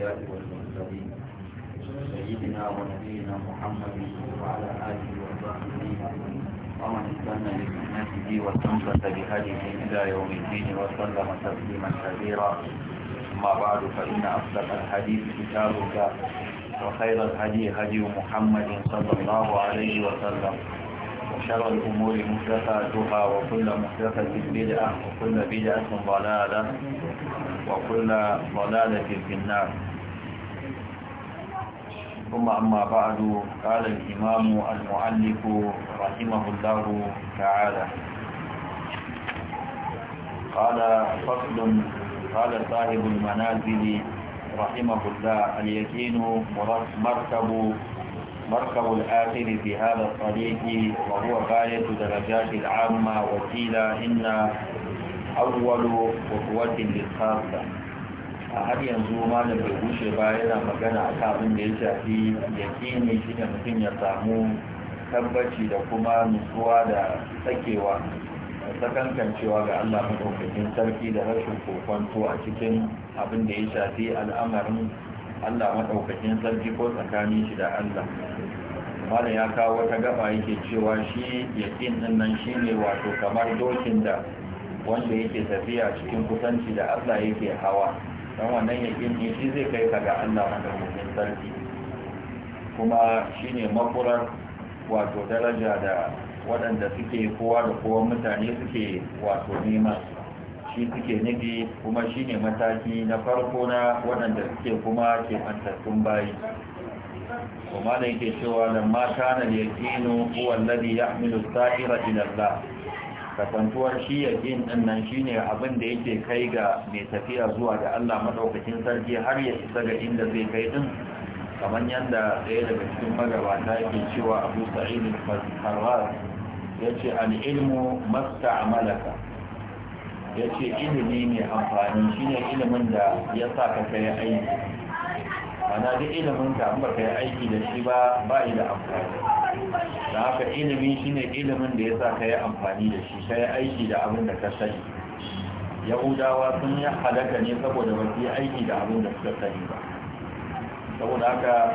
الأنبياء والمرسلين سيدنا ونبينا محمد وعلى آله وصحبه ومن استنى بسنته واستنبت بهديه إلى يوم الدين وسلم تسليما كثيرا أما بعد فإن أصدق الحديث كتابك وخير الهدي هدي محمد صلى الله عليه وسلم وشر الأمور محدثاتها وكل محدثة بدعة وكل بدعة ضلالة وكل ضلالة في النار ثم أما بعد قال الإمام المؤلف رحمه الله تعالى قال فصل قال صاحب المنازل رحمه الله اليقين مركب مركب الآخر في هذا الطريق وهو غاية درجات العامة وقيل إن awwalu ukwatin lil a har yanzu malam bai bushe ba yana magana akan abin da ya shafi yakini shine mutum ya samu tabbaci da kuma nutsuwa da tsakewa sakankancewa ga Allah madaukakin sarki da rashin kokonto a cikin abin da ya shafi al'amarin Allah madaukakin sarki ko tsakanin shi da Allah malam ya kawo wata gaba yake cewa shi yakin nan nan ne wato kamar dokin da wanda yake tafiya cikin kusanci da Allah yake hawa dan wannan yakin ne shi zai kai ka ga Allah madaukakin sarki kuma shine makurar wato daraja da waɗanda suke kowa da kowa mutane suke wato nema shi suke nufi kuma shine mataki na farko na waɗanda suke kuma ke mantattun bayi kuma da yake cewa lamma kana yaqinu huwa alladhi yahmilu saira ila Allah kasantuwar shi yaƙin ɗin nan shi ne abin da yake kai ga mai tafiya zuwa da Allah maɗaukacin sarki har ya isa ga inda zai kai din? kamar yadda ɗaya daga cikin magabata yake cewa abu sa'idu al ya ce al'ilmu masta amalaka ya ce ilimi mai amfani shi ne ilimin da ya sa ka kai aiki mana duk ilimin ka an ba yi aiki da shi ba ba da amfani da haka ilimi shine ilimin da ya sa ka yi amfani da shi ka yi aiki da abin da ka sani yahudawa sun yi halaka ne saboda ba su yi aiki da abin da suka sani ba saboda haka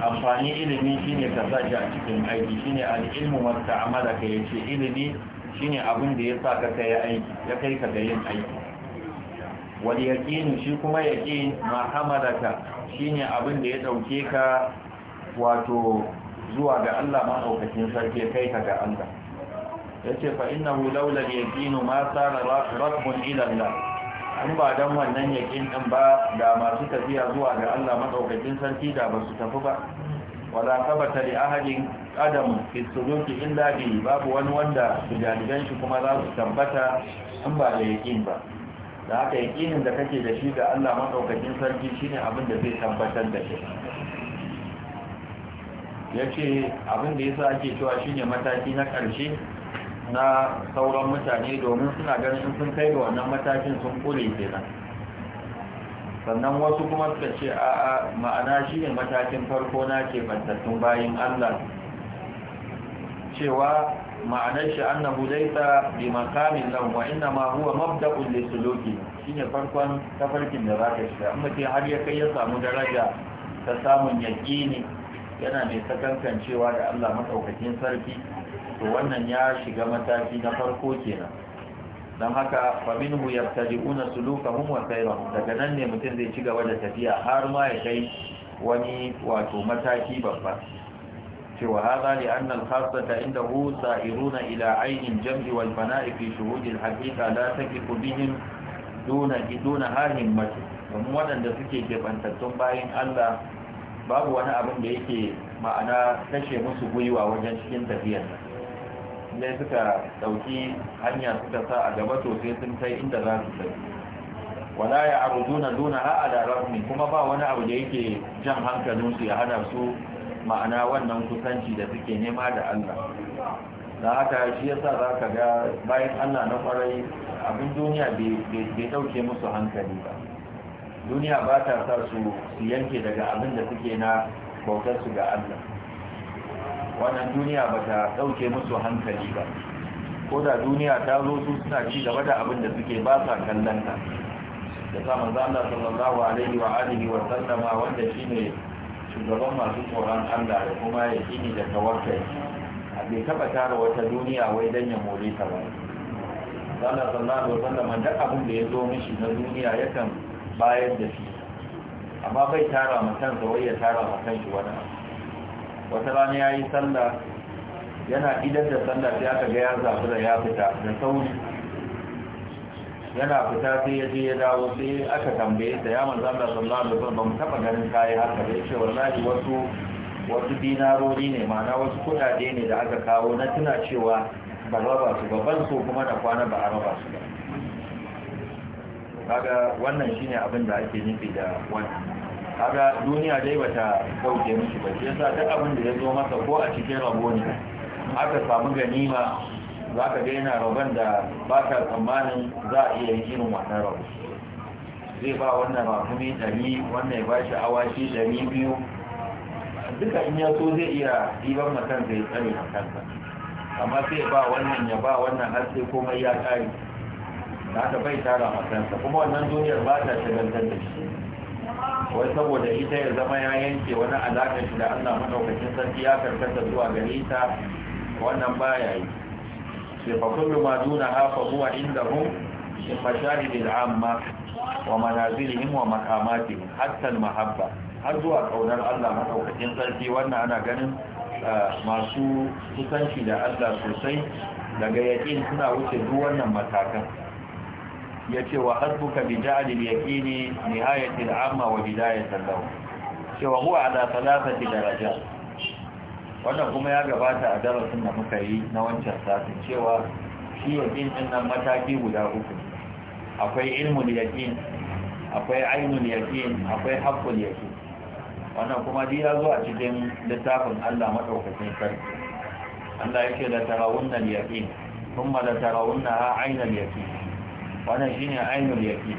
amfani ilimi shine ka sa a cikin aiki shine al'ilmu wata amala ka yi ce ilimi shine abin da ya sa ka yi aiki ya kai ka ga yin aiki wani yaqin shi kuma yaqin ma hamalaka shine abin da ya dauke ka wato zuwa ga Allah maɗaukakin sarki kai ka ga Allah ya ce fa ina hulaular yaƙinu ma tsara rakun ilalla an ba don wannan yaƙin ɗin ba da masu tafiya zuwa ga Allah maɗaukacin sarki da ba su tafi ba wadda sabata da ahadin adam fitsuruki illa bi babu wani wanda su jaligan shi kuma za su tabbata in ba da yaƙin ba da haka yaƙinin da kake da shi ga Allah maɗaukacin sarki shine abin da zai tabbatar da shi ya ce abin da sa ake cewa shine mataki na ƙarshe na sauran mutane domin suna ganin sun kai ga wannan matakin sun kure kenan sannan wasu kuma suka ce a ma'ana shine matakin farko na ke bantattun bayan Allah cewa ma'anar shi annahu sa bi makamin nan, wa inna ma huwa mabda'un li suluki shine farkon tafarkin da zaka shiga amma ke har ya kai ya samu daraja ta samun yaqini yana mai sakankancewa da Allah maɗaukakin sarki to wannan ya shiga mataki na farko kenan don haka faminhu suluka sulukahum wa sayrahum daga nan ne mutum zai ci gaba da tafiya har ma ya kai wani wato mataki babba cewa hada li anna hasata inda indahu sa'iruna ila ainin jam'i wal fana'i fi shuhud al-haqiqa la taqifu bihim duna duna hahimmati domin waɗanda suke kebantattun bayan Allah babu wani abin da yake ma'ana kashe musu gwiwa wajen cikin tafiyar ne suka dauki hanya suka sa a gaba sosai sun kai inda za su kai wala ya arjuna duna ha ala rahmi kuma ba wani abu da yake jan hankalin su ya hana su ma'ana wannan kusanci da suke nema da Allah da haka shi yasa za ka ga bayan Allah na kwarai abin duniya bai dauke musu hankali ba duniya ba ta sa su yanke daga abin da suke na bautarsu ga Allah wannan duniya ba ta ɗauke musu hankali ba ko da duniya ta zo su suna ci gaba da abin da suke ba sa kallon ta da sa manzo Allah sallallahu alaihi wa alihi wa sallama wanda shi ne shugaban masu tsoron Allah da kuma ya yakini da a bai taba tara wata duniya wai dan ya more ta ba Allah sallallahu alaihi wa sallama duk abin da ya zo mishi na duniya yakan bayan da shi amma bai tara mutan wai ya tara mutan shi wani wata rana ya yi sallah yana idan da sallah sai aka ga ya zafi da ya fita da sauri yana fita sai ya je ya dawo sai aka tambaye da ya manzo Allah sallallahu alaihi wasallam ban taba ganin kai haka da yace wallahi wasu wasu dinarori ne ma'ana wasu kudade ne da aka kawo na tuna cewa ba raba su ba ban so kuma da kwana ba a raba su ba kaga wannan shine abin da ake nufi da wannan kaga duniya dai bata dauke mishi ba sai sa duk abin da ya zo masa ko a cikin rabo ne aka samu ganima za ka ga yana rabon da ba ka tsammanin za a iya yin irin wannan rabo zai ba wannan rakumi ɗari wannan ya ba shi awashi ɗari biyu duka in ya so zai iya ɗiban makansa ya tsare makansa amma sai ba wannan ya ba wannan har sai komai ya ƙare da aka bai tara makansa kuma wannan duniyar ba ta shagaltar da shi wai saboda ita ya zama ya yanke wani alaƙar shi da allah maɗaukacin sarki ya karkata zuwa gare ta wannan ba ya yi sai fa kullu ma duna hafa huwa indahum min amma wa manazilihim wa maqamatihim hatta mahabba har zuwa kaunar Allah maɗaukacin sarki wannan ana ganin ah, masu kusanci da Allah sosai daga yakin suna wuce duk wannan matakan ya ce wa hasbuka bi ja'alil yaqini nihayatil amma wa bidayatil law cewa huwa ala thalathati daraja wannan kuma ya gabata a darasin da muka yi na wancan satin cewa shi yaqin din nan mataki guda uku akwai ilmul yaqin akwai ainul yaqin akwai haqqul yaqin wannan kuma dai ya zo a cikin littafin Allah madaukakin sarki Allah yake da tarawunnal yaqin kuma da tarawunnaha ainul yaqin wannan shine ainul yaqin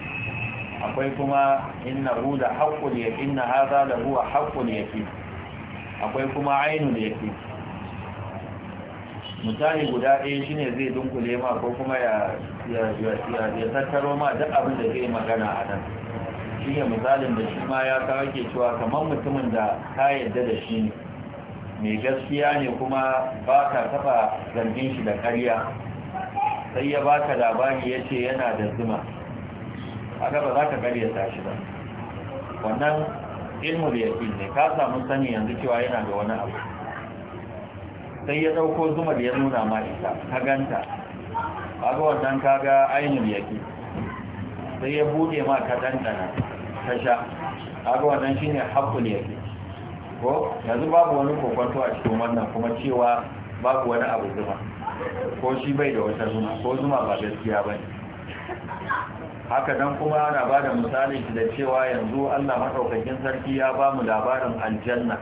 akwai kuma innahu la haqqul yaqin hadha la huwa haqqul yaqin akwai kuma ainul yaqin Mutane guda ɗaya shine zai dunkule ma ko kuma ya ya tattaro ma duk abin da zai magana a nan Shi ne misalin da shi ma ya kawo ke cewa kamar mutumin da ka yadda da shi ne mai gaskiya ne kuma ba ka taɓa zargin shi da ƙarya sai ya baka labari ya ce yana da zuma aka ba za ka karyata shi ba wannan ilmu da yaƙin ne ka samu sani yanzu cewa yana da wani abu sai ya ɗauko zuma da ya nuna ma ita ka ganta ga wannan ka ga ainihin yaƙi sai ya buɗe ma ka ɗanɗana ka sha ga wannan shi ne haƙƙul yaƙi ko yanzu babu wani kokonto a cikin wannan kuma cewa babu wani abu zuma ko shi bai da wata zuma ko zuma ba gaskiya ba ne haka dan kuma ana ba da misalin da cewa yanzu Allah maɗaukakin sarki ya ba mu labarin aljanna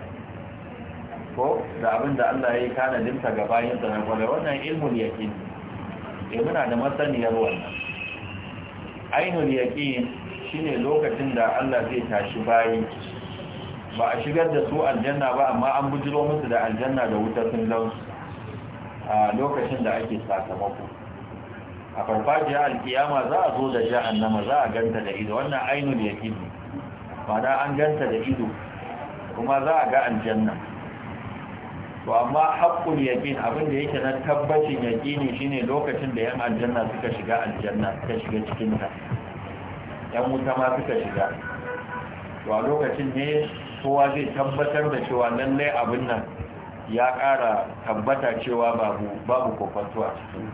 ko da abin da Allah ya yi kanadinsa ga bayansa na kwallo wannan ilmul yaƙin ne eh, muna da masaniyar wannan ainul yaƙin shi ne lokacin da Allah zai tashi baya. ba a shigar da su aljanna ba amma an bujiro musu da aljanna da wutar sun lausu a lokacin da ake sakamako a farfajiyar alkiyama za a zo da nama za a ganta da ido wannan ainul yakin ne mana an ganta da ido kuma za a ga aljanna to amma haƙƙun yakin abin da yake na tabbacin yakini shine lokacin da yan aljanna suka shiga aljanna suka shiga cikin yan wuta ma suka shiga to a lokacin ne kowa zai tabbatar da cewa lallai abin nan ya ƙara tabbata cewa babu babu kokonto a cikin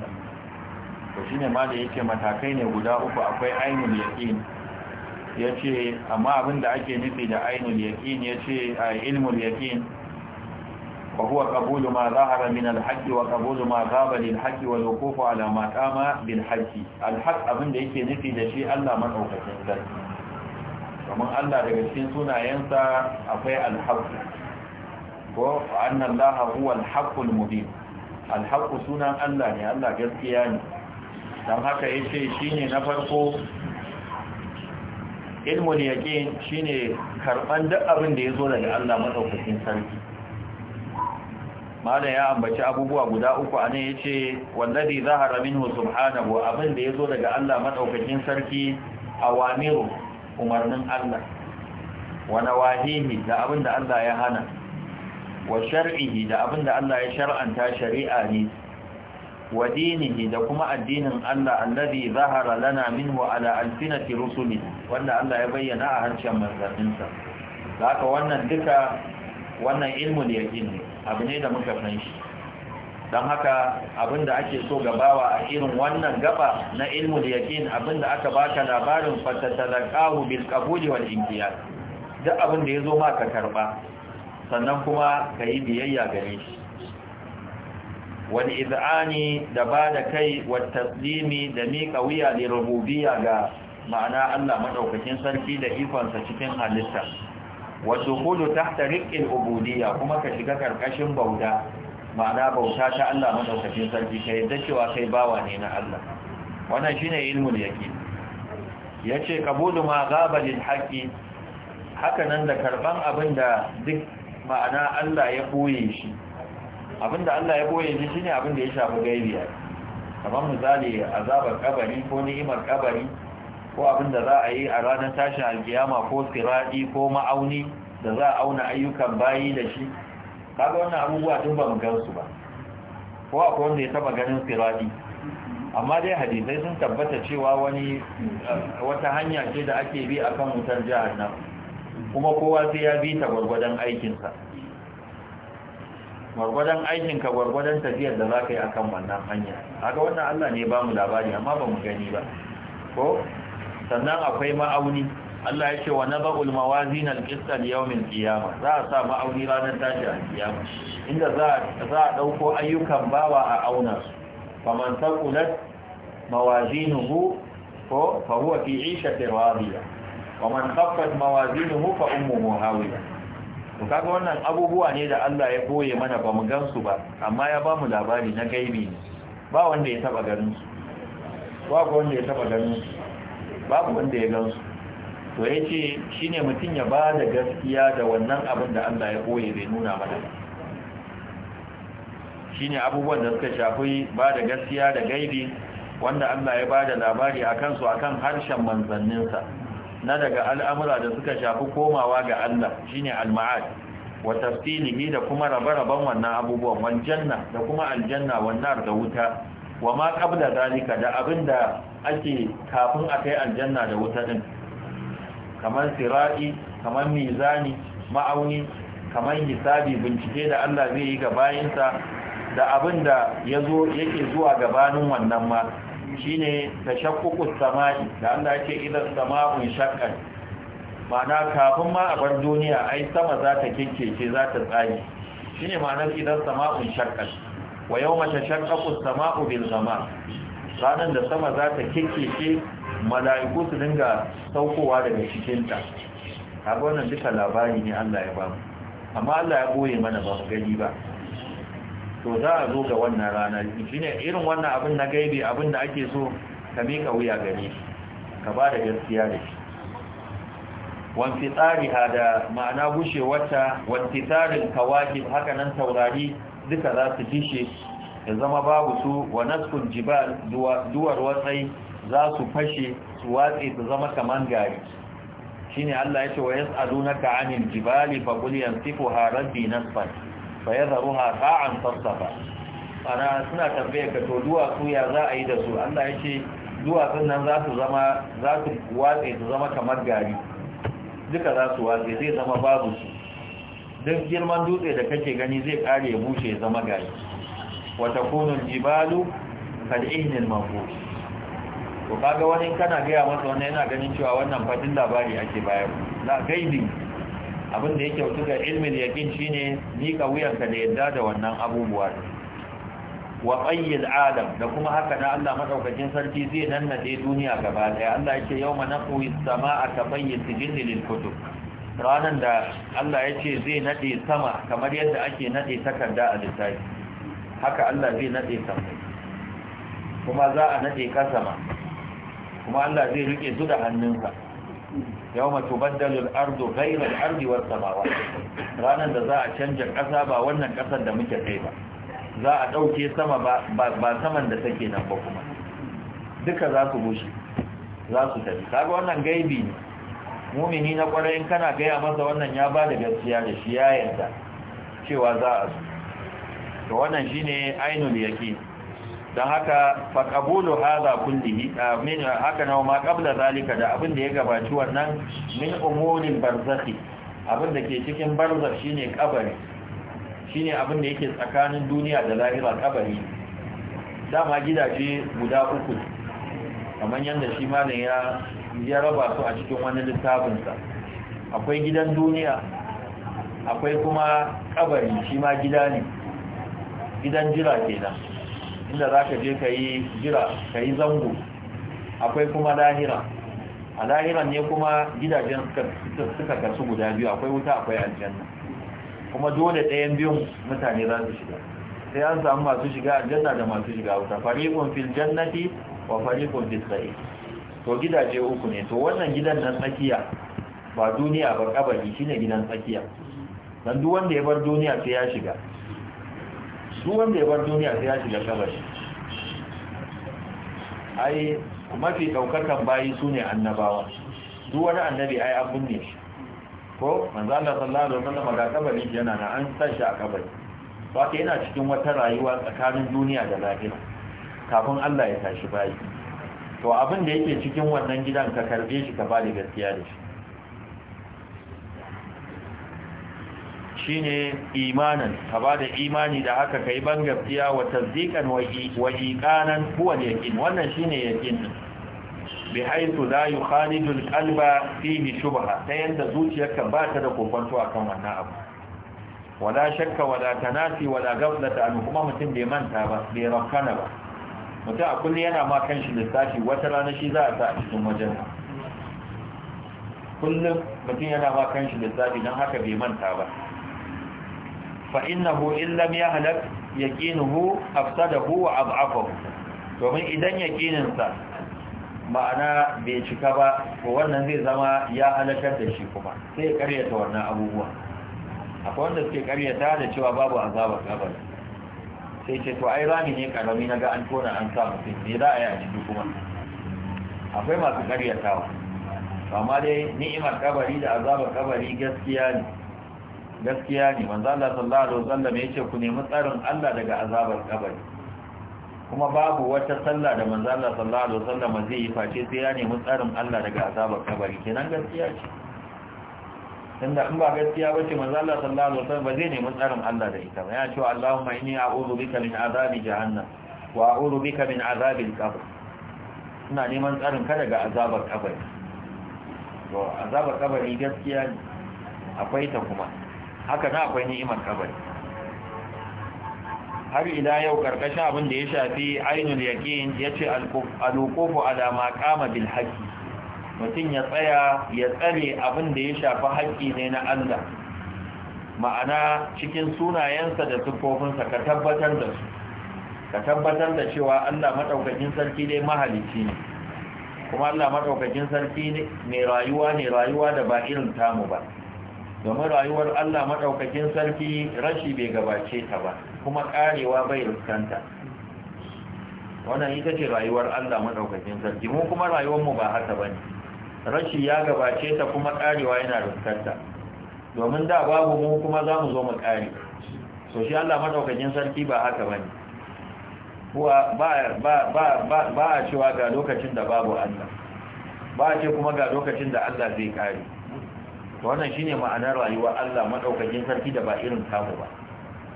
ta shi ne ma da yake matakai ne guda uku akwai ainul Ya ce amma abin da ake nufi da ainul ce yace ilmul yaƙin. wa huwa qabulu ma zahara min al-haqq wa qabulu ma ghaba lil-haqq wal wuquf ala ma qama bil-haqq al-haqq abin da yake nufi da shi Allah madaukakin sarki kamar Allah daga cikin sunayensa akwai al ko anna Allah huwa al-haqqul mubin al sunan Allah ne Allah gaskiya ne dan haka yace shine na farko Ilmu ne yake shine karban duk abin da yazo daga Allah madaukakin sarki mala ya ambaci abubuwa guda uku a nan yace wallazi zahara minhu subhanahu abin da yazo daga Allah madaukakin sarki awamiru umarnin Allah wa nawahihi da abin da Allah ya hana wa shar'ihi da abinda Allah ya shar'anta shari'a ne wa dinihi da kuma addinin Allah alladhi zahara lana minhu ala alfinati rusuli wanda Allah ya bayyana a harshen manzanninsa haka wannan duka wannan ilmul yaqin ne abu ne da muka san shi dan haka abinda ake so gabawa a irin wannan gaba na ilmul yaqin abinda aka baka labarin fatatalaqahu bil qabuli wal imtiyaz duk abinda yazo ma ka karba sannan kuma ka yi biyayya gare shi wani iz'ani da ba da kai wa taslimi da miƙa wuya da rububiya ga ma'ana Allah maɗaukakin sarki da ikonsa cikin halitta wa Hulu ta tarikin ubudiyya kuma ka shiga ƙarƙashin Bauda ma'ana bauta ta Allah maɗaukakin sarki ka da cewa kai bawa ne na Allah wannan shine ilmul yaqin yace kabulu ma ghaba lil haqqi haka nan da karban abin da duk ma'ana Allah ya boye shi abinda Allah ya boye shi shine abinda ya shafi gaibiya kamar misali azabar kabari ko ni'imar kabari ko abinda za a yi a ranar tashin alkiyama ko siradi ko ma'auni da za a auna ayyukan bayi da shi kaga wannan abubuwa tun ba mu gansu ba ko akwai wanda ya taba ganin siradi amma dai hadisai sun tabbata cewa wani eh, wata hanya ce da ake bi akan wutar jihar nan. kuma kowa sai ya bi ta gwargwadon aikinsa gwargwadon aikinka gwargwadon tafiyar da za ka yi a kan wannan hanya haka wannan allah ne ba mu labari amma ba mu gani ba ko sannan akwai ma'auni allah ya ce wa na ba'ul mawazi na alƙistar yawmin kiyama za a sa ma'auni ranar tashi a kiyama inda za a ɗauko ayyukan bawa a auna su faman saƙulat mawazinuhu ko fahuwa fi ishatin radiya wa man khaffat mawazinuhu fa ummuhu hawiya to kaga wannan abubuwa ne da Allah ya boye mana ba mu gansu ba amma ya ba mu labari na gaibi ne ba wanda ya taba ganin su ba wanda ya taba ganin su babu wanda ya gansu to yace shine mutun ya ba da gaskiya da wannan abin da Allah ya boye bai nuna mana shine abubuwan da suka shafi ba da gaskiya da gaibi wanda Allah ya ba da labari akan su akan harshen manzanninsa na daga al'amura da suka shafi komawa ga Allah shine al-ma'ad wa tafsilihi da kuma rabe-raben wannan abubuwan wal da kuma aljanna wannan da wuta wa ma qabla zalika da abinda ake kafin a kai aljanna da wuta din kamar sirai kamar mizani ma'auni kamar hisabi bincike da Allah zai yi ga bayinsa da abinda yazo yake zuwa gabanin wannan ma shine tashaqququs samai da Allah yake idan sama'un shakkan ma'ana kafin ma a bar duniya ai sama za ta kinkece za ta tsage shine ma'anar idan sama'un shakkan wa yawma tashaqqaqus sama'u bil ghamam ranan da sama za ta kinkece mala'iku su dinga saukowa daga cikinta ta wannan duka labari ne Allah ya ba mu amma Allah ya boye mana ba mu gani ba to za a zo ga wannan rana ne irin wannan abin na gaibe abin da ake so ka mika wuya gare ka ba da gaskiya da shi wanti tsari da ma'ana wata, wanti tsarin kawaki haka nan taurari duka za su fishe ya zama babu su wa naskun jibal duwar watsai za su fashe su watsi su zama kaman gari shine Allah ya ce wa yas'alunaka 'anil jibali fa qul yansifuha rabbi nasfan fa yadharuha sa'an tasaba ana suna tambaye ka to duwatsu ya za a yi da su Allah ya ce duwatsun nan za su zama za su watsa su zama kamar gari duka za su watsa zai zama babu su duk girman dutse da kake gani zai kare ya bushe ya zama gari wata kunun jibalu kal'ihnin mafi to kaga wani kana gaya masa wannan yana ganin cewa wannan fatin labari ake bayar na gaibi abin da ya kyautu ga ilmin yakin shine mika wuyanka da yadda da wannan abubuwa wa qayyil adam da kuma haka na Allah madaukakin sarki zai nan nade duniya gaba daya Allah yake yawma naqwi as-samaa ka bayyi sijil lil kutub ranan da Allah yake zai nade sama kamar yadda ake nade takarda a littafi haka Allah zai nade sama kuma za a nade kasama kuma Allah zai riƙe su da hannunsa yau mace baddalin ardu gairar ardi wata samawa ranar da za a canja ƙasa ba wannan ƙasar da muke kai ba za a ɗauke sama ba saman da take nan ba kuma duka za su bushe za su tafi kaga wannan gaibi ne mumini na kwarai kana gaya masa wannan ya ba da gaskiya da shi ya yarda cewa za a su to wannan shine ainul yake don haka faƙabulu haza kullihi ah, min haka na ma qabla zalika da abin da ya gabaci wannan min umurin barzakhi abin da ke cikin barzakh shine kabari shine abin da yake tsakanin duniya da lahira kabari dama gidaje guda uku kamar yadda shi malam ya ya raba su a cikin wani littafin sa akwai gidan duniya akwai kuma kabari shi ma gida ne gidan jira kenan inda za ka je ka yi jira ka yi zango akwai kuma lahira a lahiran ne kuma gidajen suka kasu guda biyu akwai wuta akwai aljanna kuma dole ɗayan biyun mutane za su shiga sai an samu masu shiga aljanna da masu shiga wuta farikon fil jannati wa farikon fis to gidaje uku ne to wannan gidan nan tsakiya ba duniya ba kabari shine gidan tsakiya dan duk wanda ya bar duniya sai ya shiga su wanda ya bar duniya sai ya shiga kabari ai mafi daukakan bayi su ne annabawa duk wani annabi ai an ne shi ko manzo Allah sallallahu alaihi wasallam ga kabari yana na an tashi a kabari wato yana cikin wata rayuwa tsakanin duniya da lahira kafin Allah ya tashi bayi to abin da yake cikin wannan gidan ka karbe shi ka bada gaskiya da shi Shi ne imanin ka ba da imani da haka kai ban gaskiya wa tasdiqan wa kuwa huwa yaqin wannan ne yaqin bi haythu la yi al-qalba fihi shubha ta yadda zuciyarka ba ta da kokonto akan wannan abu wala shakka wala tanafi wala gaflata an kuma mutum bai manta ba bai rakkana ba mutum a kullu yana ma kan shi lissafi wata rana shi za a sa a cikin wajen kullum mutum yana ma kan shi lissafi don haka bai manta ba فإنه إن لم يهلك يقينه أفسده وأضعفه domin idan yaƙininsa ma'ana bai cika ba ko wannan zai zama ya halakar da shi kuma sai ya karyata wannan abubuwa akwai suke karyata da cewa babu azabar sai ce to ai rami ne karami na ga an tona an sa mutum ne za a yi a jiki kuma akwai masu karyatawa amma dai ni'imar kabari da azabar kabari gaskiya ne gaskiya ne manzo Allah sallallahu alaihi wasallam yace ku nemi tsarin Allah daga azabar kabari kuma babu wata sallah da manzo Allah sallallahu alaihi wasallam zai yi face sai ya nemi tsarin Allah daga azabar kabari kenan gaskiya ce tunda in ba gaskiya bace manzo Allah sallallahu alaihi wasallam ba zai nemi tsarin Allah da ita ba ya ce Allahumma inni a'udhu bika min azabi jahannam wa a'udhu bika min azabil qabr ina neman tsarin ka daga azabar kabari to azabar kabari gaskiya ne akwai ta kuma haka na akwai ni'imar kabari har ila yau karkashin abin da ya shafi ainul yakin ya ce wuqufu ala ma bil haƙi mutum ya tsaya ya tsare abin da ya shafi haƙƙi ne na Allah ma'ana cikin sunayensa da sifofinsa ka tabbatar da su ka tabbatar da cewa Allah maɗaukakin sarki dai mahalicci ne kuma Allah maɗaukakin sarki mai rayuwa ne rayuwa da ba irin tamu ba domin rayuwar Allah maɗaukakin sarki rashi bai gabace ta ba kuma ƙarewa bai riskanta wannan ita ce rayuwar Allah maɗaukakin sarki mu kuma rayuwarmu ba haka ba ne rashi ya gabace ta kuma ƙarewa yana riskanta domin da babu mu kuma za mu zo mu ƙare so shi Allah maɗaukakin sarki ba haka ba ne ba a cewa ga lokacin da babu Allah ba a ce kuma ga lokacin da Allah zai ƙare To wannan shine ma'anar rayuwa Allah madaukakin sarki da ba irin tamu ba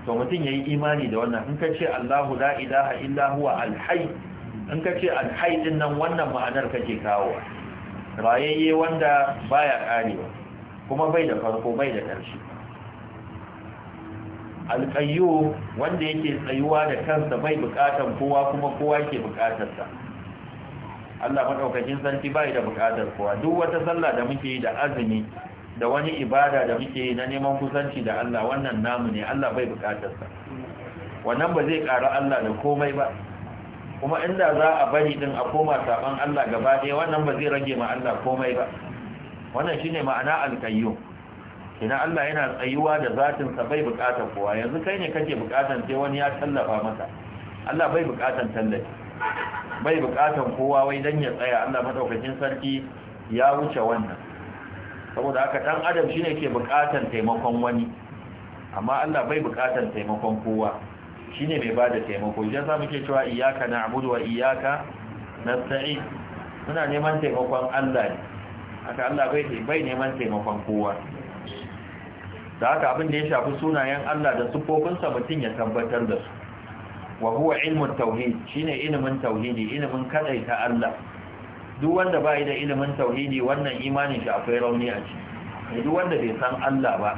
to mutum yayi imani da wannan in ka ce Allahu la ilaha illa huwa al-hayy in ka ce al-hayy din nan wannan ma'anar kake kawo rayayye wanda baya karewa kuma bai da farko bai da ƙarshe al-qayyum wanda yake tsayuwa da kansa bai buƙatar kowa kuma kowa yake sa Allah madaukakin sarki bai da bukatar kowa duk wata sallah da muke yi da azumi da wani ibada da muke na neman kusanci da Allah wannan namu ne Allah bai bukatarsa wannan ba zai ƙara Allah da komai ba kuma inda za a bari din a koma saban Allah gaba ɗaya wannan ba zai rage ma Allah komai ba wannan shine ma'ana al-qayyum kina Allah yana tsayuwa da zatin sa bai bukatar kowa yanzu kai ne kake bukatar sai wani ya tallafa maka Allah bai bukatar tallafi bai bukatar kowa wai dan ya tsaya Allah madaukakin sarki ya wuce wannan saboda haka dan adam shine ke buƙatar taimakon wani amma Allah bai buƙatar taimakon kowa shine mai bada taimako idan za mu ke cewa iyyaka na'budu wa iyyaka nasta'in muna neman taimakon Allah ne haka Allah bai bai neman taimakon kowa da haka abin da ya shafi sunayen Allah da sa mutum ya tabbatar da su wa huwa ilmu tauhid shine ilimin tauhidi ilimin kadaita Allah duk wanda bai da ilimin tauhidi wannan imanin shi akwai rauni a ciki duk wanda bai san Allah ba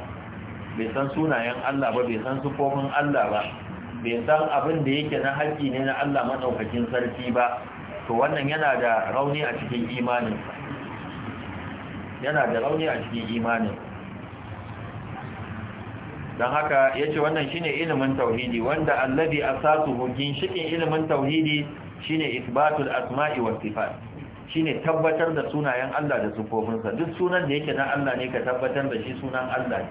bai san sunayen Allah ba bai san sufofin Allah ba bai san abin da yake na haƙƙi ne na Allah madaukakin sarki ba to wannan yana da rauni a cikin imanin yana da rauni a cikin imanin don haka ya ce wannan shine ilimin tauhidi wanda allabi hukin ginshikin ilimin tauhidi shine isbatul asma'i was sifat shine tabbatar da sunayen Allah da sufofinsa duk sunan da yake na Allah ne ka tabbatar da shi sunan Allah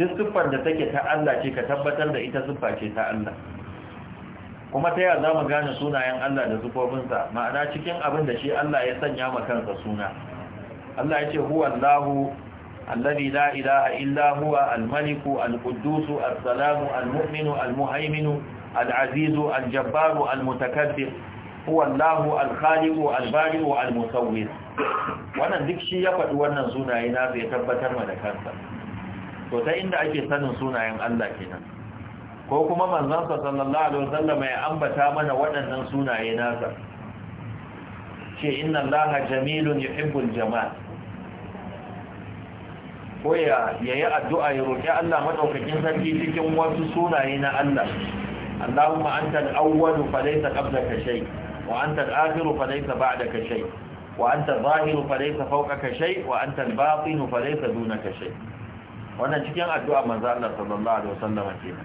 duk siffar da take ta Allah ce ka tabbatar da ita siffa ce ta Allah kuma ta yaya mu gane sunayen Allah da sufofinsa ma'ana cikin abin da shi Allah ya sanya ma kansa suna Allah ya ce huwa Allahu alladhi la ilaha illa huwa al-malik al-quddus as-salam al-mu'min al-muhaymin al-aziz al-jabbar al-mutakabbir huwa Allahu al-khaliqu al-bari'u al-musawwir wannan duk shi ya faɗi wannan sunaye na bai tabbatar ma da kansa to ta inda ake sanin sunayen Allah kenan ko kuma manzon sa sallallahu alaihi wasallam ya ambata mana waɗannan sunaye nasa ce inna Allaha jamilun yuhibbul jamal ko ya yayi addu'a ya roki Allah madaukakin sarki cikin wasu sunaye na Allah Allahumma anta al-awwal fa laysa qablaka وأنت الآخر فليس بعدك شيء وأنت الظاهر فليس فوقك شيء وأنت الباطن فليس دونك شيء wannan cikin addu'a manzo Allah sallallahu alaihi wasallam kenan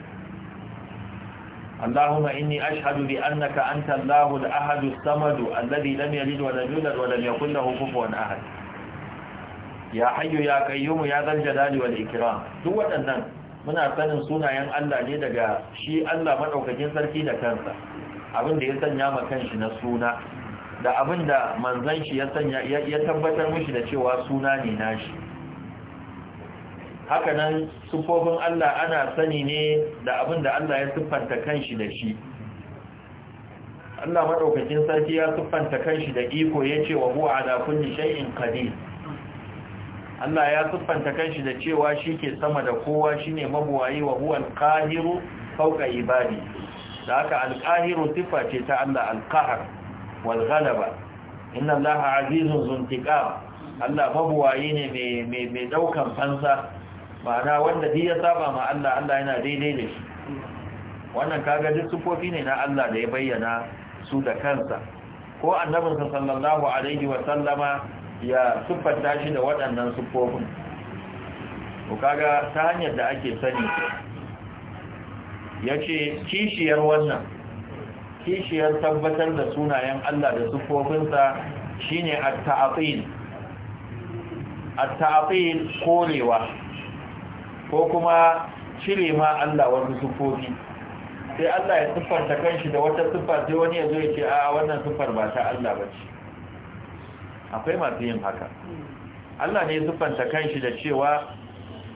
Allahumma inni ashhadu bi annaka anta da ahadu samadu, as-samad alladhi lam yalid wa lam yulad wa lam yakul lahu kufuwan ya hayyu ya qayyum ya dhal jalali wal ikram waɗannan muna sanin sunayen Allah ne daga shi Allah maɗaukacin sarki da kansa abin da ya sanya ma kanshi na suna da abin da manzan shi ya tabbatar mishi da cewa suna ne nashi haka nan sufofin Allah ana sani ne da abin da Allah ya siffanta kanshi da shi Allah maɗaukakin sarki ya siffanta kanshi da iko ya ce wa huwa ala kulli shay'in qadir Allah ya siffanta kanshi da cewa shi ke sama da kowa shine mabuwayi wa huwa al-qahiru fawqa ibadi da haka alqahiru sifa ce ta Allah alqahar wal inna allaha azizun zuntiqam Allah mabuwaye ne mai ɗaukan fansa ma'ana wanda duk ya saba ma Allah Allah yana daidai da shi wannan kaga duk sufofi ne na Allah da ya bayyana su da kansa ko annabinsa sallallahu alaihi wa sallama ya siffanta shi da waɗannan sufofin ko kaga ta hanyar da ake sani ya ce kishiyar wannan kishiyar tabbatar da sunayen Allah da sufofinsa shi ne a taafin korewa ko kuma cire ma Allah wasu sufofi sai Allah ya siffanta kanshi da wata siffar sai wani ya zo ya ce a wannan siffar ba ta Allah ba ce akwai masu yin haka Allah ne siffanta kanshi da cewa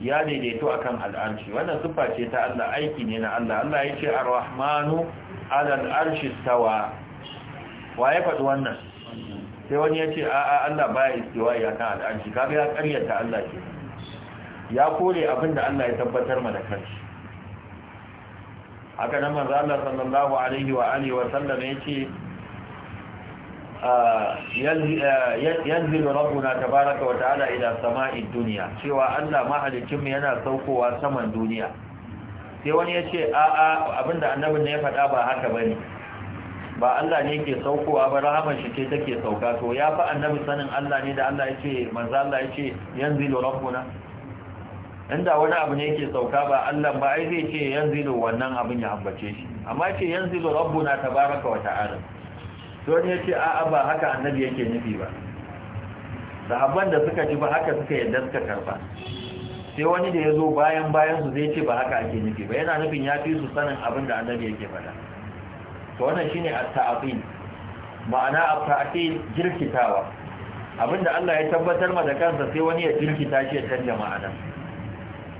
ya daidaito akan al'arshi wannan siffa ce ta Allah aiki ne na Allah Allah ya ce ar-rahmanu ala al'arshi stawa wa ya faɗi wannan sai wani ya ce a'a Allah baya istiwa ya kan al'arshi kaga ya ƙaryata Allah ke ya kore abin da Allah ya tabbatar mana kansa. haka nan manzo Allah sallallahu alaihi wa alihi wa sallam ya ce yanzilu rabbuna tabaraka wa ta'ala ila sama'id dunya cewa Allah mahaliccin yana saukowa saman duniya sai wani ya ce a a abinda annabin ne ya faɗa ba haka bane ba Allah ne ke saukowa ba rahaman shi ce take sauka to ya fa annabi sanin Allah ne da Allah ya ce manzo Allah ya ce yanzilu rabbuna inda wani abu ne yake sauka ba Allah ba ai zai ce yanzilu wannan abin ya ambace shi amma ce yanzilu rabbuna tabaraka wa ta'ala don ya ce a'a ba haka annabi yake nufi ba sahabban da suka ji ba haka suka yadda suka karba sai wani da ya zo bayan bayan su zai ce ba haka ake nufi ba yana nufin ya fi su sanin abin da annabi yake faɗa to wannan ne at-ta'qil ma'ana a taqil jirkitawa Abin da Allah ya tabbatar ma da kansa sai wani ya jirkita shi ya canja ma'ana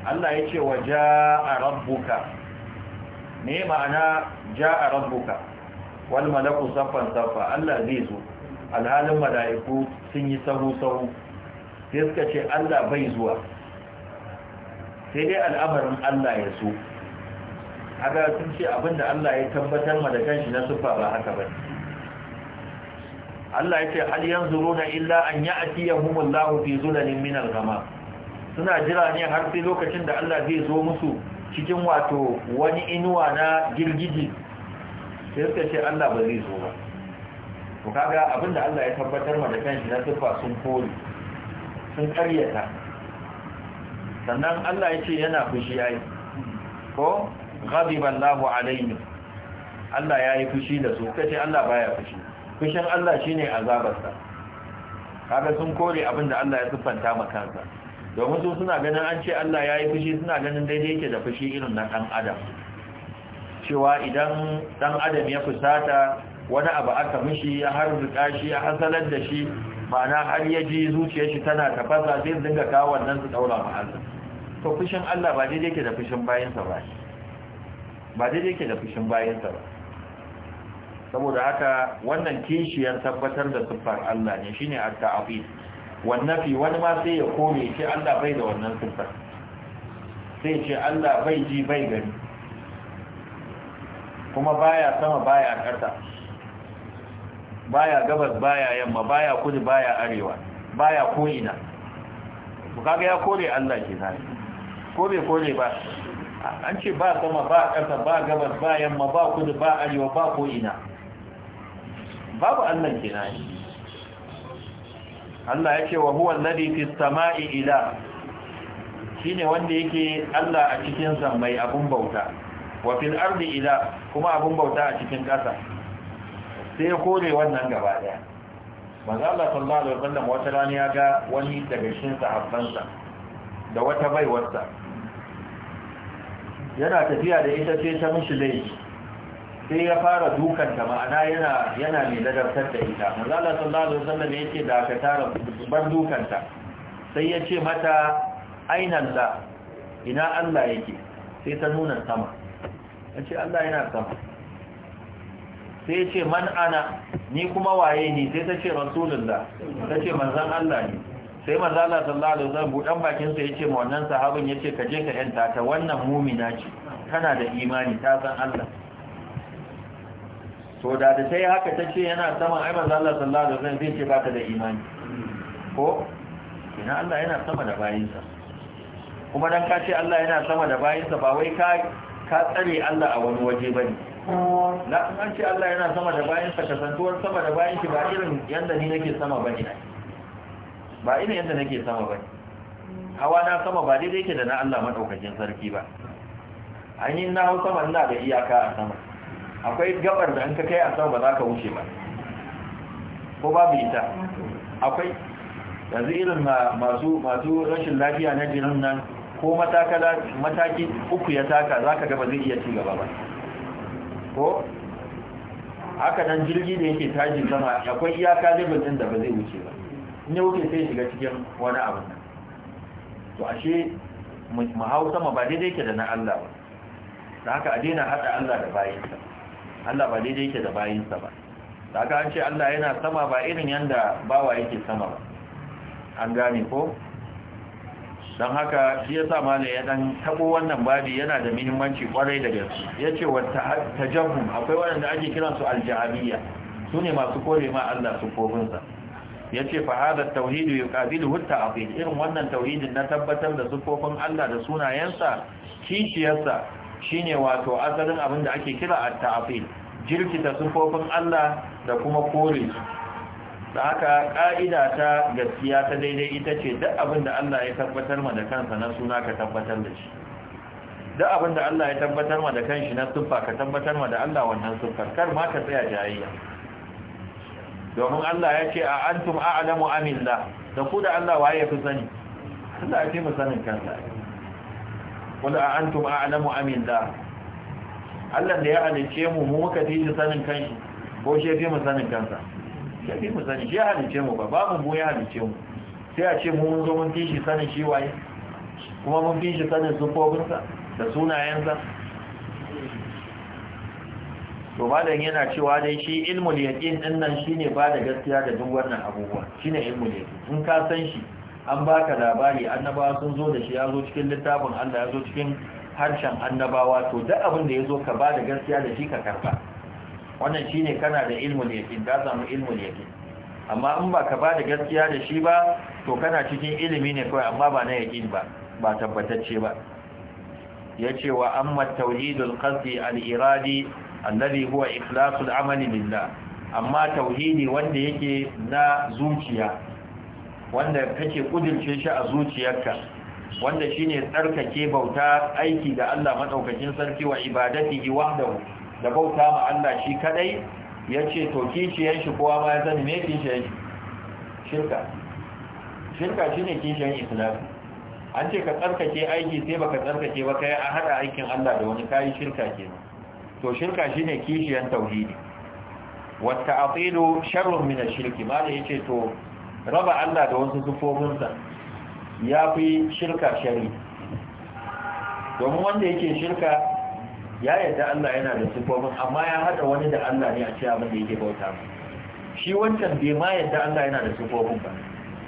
Allah ya ce wa ja'a rabbuka me ma'ana ja'a rabbuka wal malaku safan safa Allah zai zo alhalin mala'iku sun yi sahu sahu sai suka ce Allah bai zuwa sai dai al'amarin Allah ya so haka sun ce abinda Allah ya tabbatar ma da kanshi na sufa ba haka ba Allah ya ce hal yanzuruna illa an ya'tiyahumullahu fi zulalin min al-ghama suna jira ne har sai lokacin da Allah zai zo musu cikin wato wani inuwa na girgiji sai suka ce Allah ba zai zo ba to kaga abinda Allah ya tabbatar ma da kanshi na siffa sun kore sun karyata sannan Allah ya ce yana fushi yayi ko ghadiba Allahu alayhi Allah ya yi fushi da su kace Allah baya fushi fushin Allah shine azabarsa kaga sun kore abinda Allah ya siffanta ma kansa domin su suna ganin an ce Allah ya yi fushi suna ganin daidai yake da fushi irin na dan adam cewa idan dan adam ya fusata wani abu aka mishi ya harzuka shi ya hasalar da shi ma'ana har ya ji zuciyar shi tana tafasa zai dinga kawo wannan su daura ma Allah to fushin Allah ba daidai yake da fushin bayansa ba ba daidai yake da fushin sa ba saboda haka wannan kishiyar tabbatar da siffar Allah ne shine at-ta'bid wannan fi wani ma sai ya kome shi Allah bai da wannan siffar sai ce Allah bai ji bai gani kuma baya sama baya ƙarta baya gabas baya yamma baya kudu baya arewa baya ko'ina ku kaga ya kore Allah ke zai kore kore ba an ce ba sama ba ƙarta ba gabas ba yamma ba kudu ba arewa ba ko'ina babu Allah ke zai Allah ya ce wa huwa alladhi fi sama'i ila shine wanda yake Allah a cikin sammai abun bauta wa ardi ila kuma abun bauta a cikin ƙasa sai ya kore wannan gaba ɗaya manzo Allah sallallahu alaihi wasallam wata rana ya ga wani daga cikin sahabbansa da wata baiwarsa yana tafiya da ita sai ta mishi laifi sai ya fara dukan ta ma'ana yana yana mai ladartar da ita manzo Allah sallallahu alaihi wasallam yace da aka tara bar dukan ta sai ya ce mata ainan da ina Allah yake sai ta nuna sama ya ce Allah yana sama sai ya ce man ana ni kuma waye ni sai ta ce rasulullah ta ce manzan Allah ne sai manzan Allah sallallahu alaihi wasallam budan bakin sa yace ma wannan sahabin yace ka je ka yanta ta wannan mu'mina ce tana da imani ta san Allah to da da sai haka ta ce yana sama ai manzan Allah sallallahu alaihi wasallam zai ce ba ta da imani ko ina Allah yana sama da bayinsa kuma dan ka ce Allah yana sama da bayinsa ba wai ka ka tsare Allah a wani waje ba ne na an ce Allah yana sama da bayan sa kasantuwar sama da bayan shi ba irin yadda ni nake sama ba ne ba irin yadda nake sama ba ne hawa na sama ba daidai ke da na Allah maɗaukakin sarki ba an yi na hau sama ina da iyaka a sama akwai gabar da an ka kai a sama ba za ka wuce ba ko babu ita akwai yanzu irin masu rashin lafiya na jirin nan ko mataki uku ya taka za ka gaba zai iya ci gaba ba ko haka nan jirgi da yake tajin zama akwai iyaka libin inda da ba zai wuce ba in ya wuce sai shiga cikin wani abin nan to ashe mu hau sama ba daidai ke da na Allah ba da haka a daina haɗa Allah da bayinsa Allah ba daidai ke da bayinsa ba da haka an ce Allah yana sama ba irin yanda bawa yake sama ba an gane ko don haka shi ya yasa malam ya dan tabo wannan babi yana da muhimmanci kwarai da gaske yace wa tajahhum akwai waɗanda ake kiran su ne sune masu kore ma Allah su kofin sa yace fa hada tauhid yuqabiluhu ta'qid irin wannan tauhidin na tabbatar da sufofin Allah da sunayensa kishiyarsa shine wato asalin abin da ake kira at-ta'qid jirkita sufofin Allah da kuma kore da haka ƙa'ida ta gaskiya ta daidai ita ce duk abin da Allah ya tabbatar ma da kansa na suna ka tabbatar da shi duk abin da Allah ya tabbatar ma da kanshi na siffa ka tabbatar ma da Allah wannan siffar kar ma ka tsaya jayayya domin Allah ya ce a antum a'lamu amillah da ku da Allah waye fi sani Allah ya fi mu sanin kansa qul a antum a'lamu amillah Allah da ya alice mu mu muka fi sanin kanshi ko shi ya fi mu sanin kansa ya fi mu sani shi ya halice mu ba babu mu ya halice mu sai a ce mu mun zo mun fi shi sanin shi waye kuma mun fi shi sanin sufofinsa da sunayensa to malam yana cewa dai shi ilmul yaqin din nan shine ba da gaskiya da duk wannan abubuwa shine ilmul yaqin in ka san shi an baka labari annabawa sun zo da shi ya zo cikin littafin Allah ya zo cikin harshen annabawa to duk abin da ya zo ka ba da gaskiya da shi ka karba wannan shi ne kana da ilmul yakin ka samu ilmul yakin. amma in ba ka ba da gaskiya da shi ba to kana cikin ilimi ne kawai amma ba na yakin ba ba tabbatacce ba yace wa amma tauhidul qasdi al-iradi alladhi huwa ikhlasul amali lillah amma tauhidi wanda yake na zuciya wanda kake kudirce shi a zuciyarka wanda shine tsarkake bauta aiki ga Allah madaukakin sarki wa ibadatihi wahdahu da bauta ma Allah shi kadai yace to kishiyan shi kowa ma ya sani me kishiyan shi shirka shirka shine kishiyan islam an ce ka tsarkake aiki sai baka tsarkake ba kai a hada aikin Allah da wani kai shirka kenan to shirka shine kishiyan tauhidi wa ta'tilu sharrun min ash-shirki ma da yace to raba Allah da wasu sufofinsa ya fi shirka shari domin wanda yake shirka ya yadda Allah yana da sifofin amma ya hada wani da Allah ne a ce abin da yake bauta mu shi wancan bai ma yadda Allah yana da sifofin ba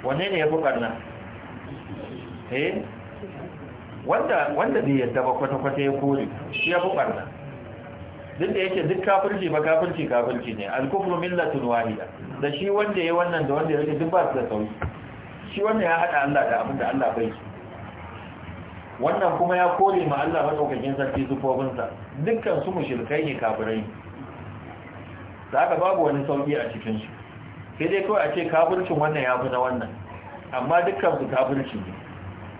wanne ne ya fi na? eh wanda wanda bai yadda ba kwata kwata ya kore shi ya fi na. duk da yake duk kafirci ba kafirci kafirci ne al-kufru millatun wahida da shi wanda yayi wannan da wanda yake duk ba su da sauki shi wanda ya hada Allah da abin da Allah bai shi wannan kuma ya kore ma Allah madaukakin sarki zufofinsa dukkan su mushrikai ne kafirai saka babu wani sauki a cikin shi. sai dai kawai a ce kafircin wannan ya fi na wannan amma dukkan su kafirci ne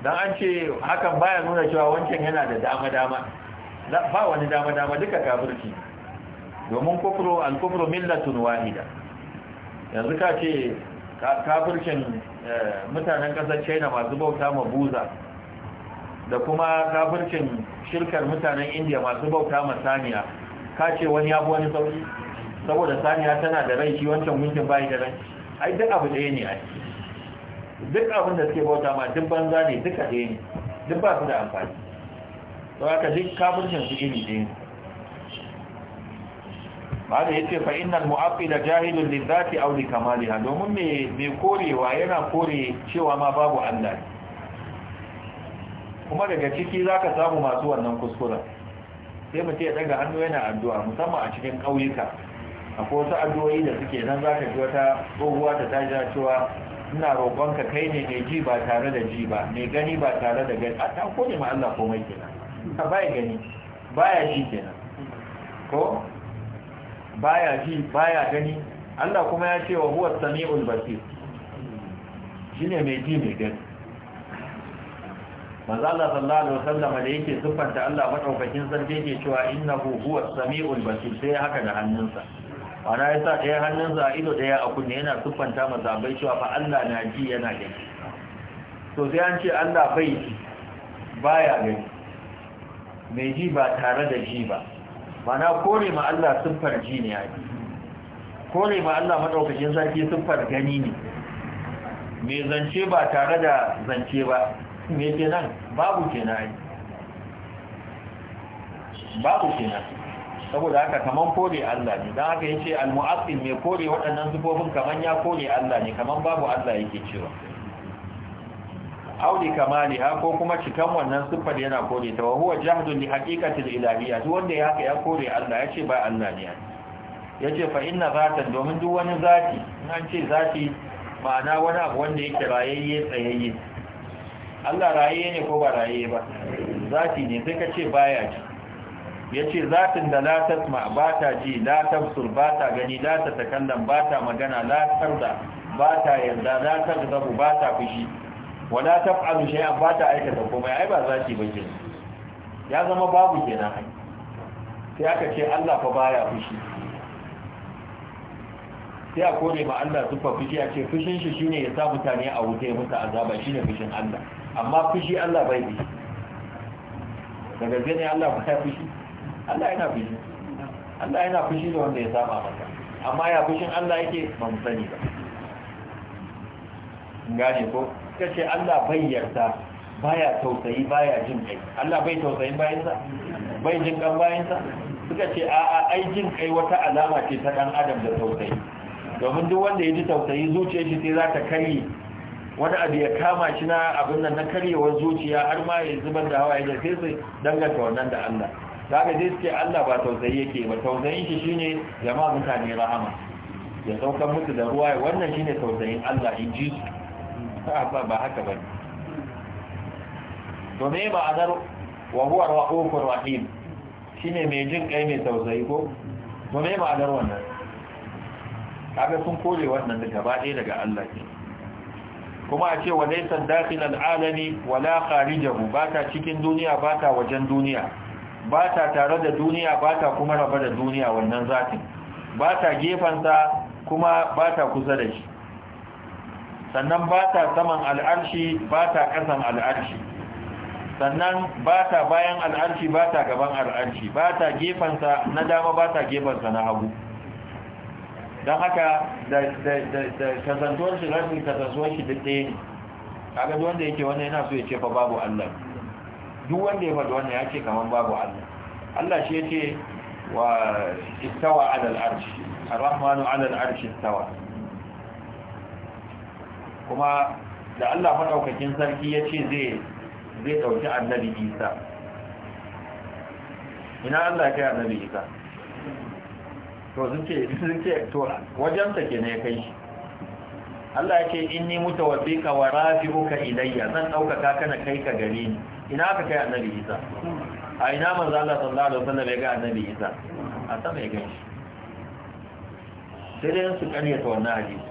dan an ce hakan baya nuna cewa wancan yana da dama dama ba wani dama dama duka kafirci domin kufru al-kufru millatun wahida yanzu ka ce kafircin eh, mutanen kasar China masu bauta ma buza da kuma kafircin shirkar mutanen indiya masu bauta ma saniya ka ce wani ya wani sauki saboda saniya tana da rai shi wancan gunkin bayi da rai ai duk abu ɗaya ne ai duk abin da suke bauta ma duk banza ne duka ɗaya ne duk ba su da amfani to haka duk kafircin su iri ɗaya ne ba da yace fa innal mu'aqqila jahilun lidhati aw likamaliha domin me me korewa yana kore cewa ma babu Allah kuma daga ciki za ka samu masu wannan kuskuren sai mu ya daga hannu yana addu'a musamman a cikin ƙauyuka akwai wasu addu'o'i da suke nan za ka ji wata tsohuwa ta tashi cewa ina roƙonka kai ne mai ji ba tare da ji ba mai gani ba tare da gani a ta kone ma Allah komai kenan ka baya gani baya ji kenan ko baya ji baya gani Allah kuma ya ce wa huwa sami'ul basir shine mai ji mai gani manzo Allah sallallahu alaihi wasallam da yake siffanta Allah madaukakin sarki yake cewa innahu huwa samiul basir sai haka da hannunsa ana yasa ɗaya hannunsa a ido ɗaya a kunne yana siffanta mazabai cewa fa Allah na ji yana gani to sai an ce Allah bai ji baya gani mai ji ba tare da ji ba mana kore ma Allah siffar ji ne yake kore ma Allah madaukakin sarki siffar gani ne mai zance ba tare da zance ba me nan babu na yi babu kenan saboda haka kaman kore Allah ne don haka yace al-mu'assil mai kore waɗannan zubofin kaman ya kore Allah ne kaman babu Allah yake cewa auli kamali ha ko kuma cikan wannan siffar yana kore ta wa huwa jahdun li haqiqatil ilahiyya duk wanda ya haka ya kore Allah ya ce ba Allah ne ce fa inna zatan domin duk wani zati in an ce zati ma'ana wani abu wanda yake rayayye tsayayye Allah raye ne ko ba raye ba zati ne sai ka ce baya ji ya ce zatin da la tasma ba ta ji la tabsur ba ta gani la ta takallam ba ta magana la tarda ba ta yarda la tagdabu ba ta fushi wala taf'alu shay'an ba ta aikata komai ai ba zati ba ke ya zama babu kenan ai sai aka ce Allah fa baya fushi sai a kore ma Allah fa fushi a ce fushin shi shine ya sa mutane a wuta ya mutu azaba shine fushin Allah amma fushi Allah bai bi da gaske ne Allah ba ya fushi Allah yana fushi Allah yana fushi da wanda ya saba masa amma ya fushin Allah yake ba mu sani ba gane ko kace Allah bai yarda baya tausayi baya jin kai Allah bai tausayin sa bai jin kan sa suka ce a a ai jin kai wata alama ce ta dan adam da tausayi domin duk wanda ya ji tausayi zuciyar shi sai za ta karye wani abu ya kama shi na abin nan na karyewar zuciya har ma ya zubar da hawaye da sai sai danganta wannan da Allah Da ka suke Allah ba tausayi yake ba tausayin shi shine jama'a mutane rahama ya saukan mutu da ruwa wannan shine tausayin Allah in ji su ba haka ba ne to me ma'anar wa huwa ar-rahmanur rahim shine mai jin kai mai tausayi ko to me ma'anar wannan kaga sun kore wannan daga ba ɗaya daga Allah ne kuma a ce wa laysa dakhilal alami wala kharijahu bata cikin duniya bata wajen duniya bata tare da duniya bata kuma raba da duniya wannan zatin bata gefansa kuma bata kusa da shi sannan bata saman al'arshi bata kasan al'arshi sannan bata bayan al'arshi bata gaban al'arshi bata gefansa na dama bata gefansa na hagu don haka da kazantuwar shi rafin kazantuwar shi duk ɗaya ne kaga duk wanda yake wannan yana so ya ce fa babu Allah duk wanda ya faɗi wannan ya ce kaman babu Allah Allah shi yake wa istawa ala al-arsh ar-rahmanu ala al-arsh istawa kuma da Allah madaukakin sarki yace zai zai dauki annabi Isa ina Allah ya kai annabi Isa to sun ce sun ce to wajen ta ne ya kai shi Allah ya ce inni mutawaffika wa rafi'uka ilayya zan daukaka kana kai ka gare ni ina ka kai annabi Isa a ina manzo Allah sallallahu alaihi wasallam ya ga annabi Isa a sama ya ganshi sai dai su ta wannan hadisi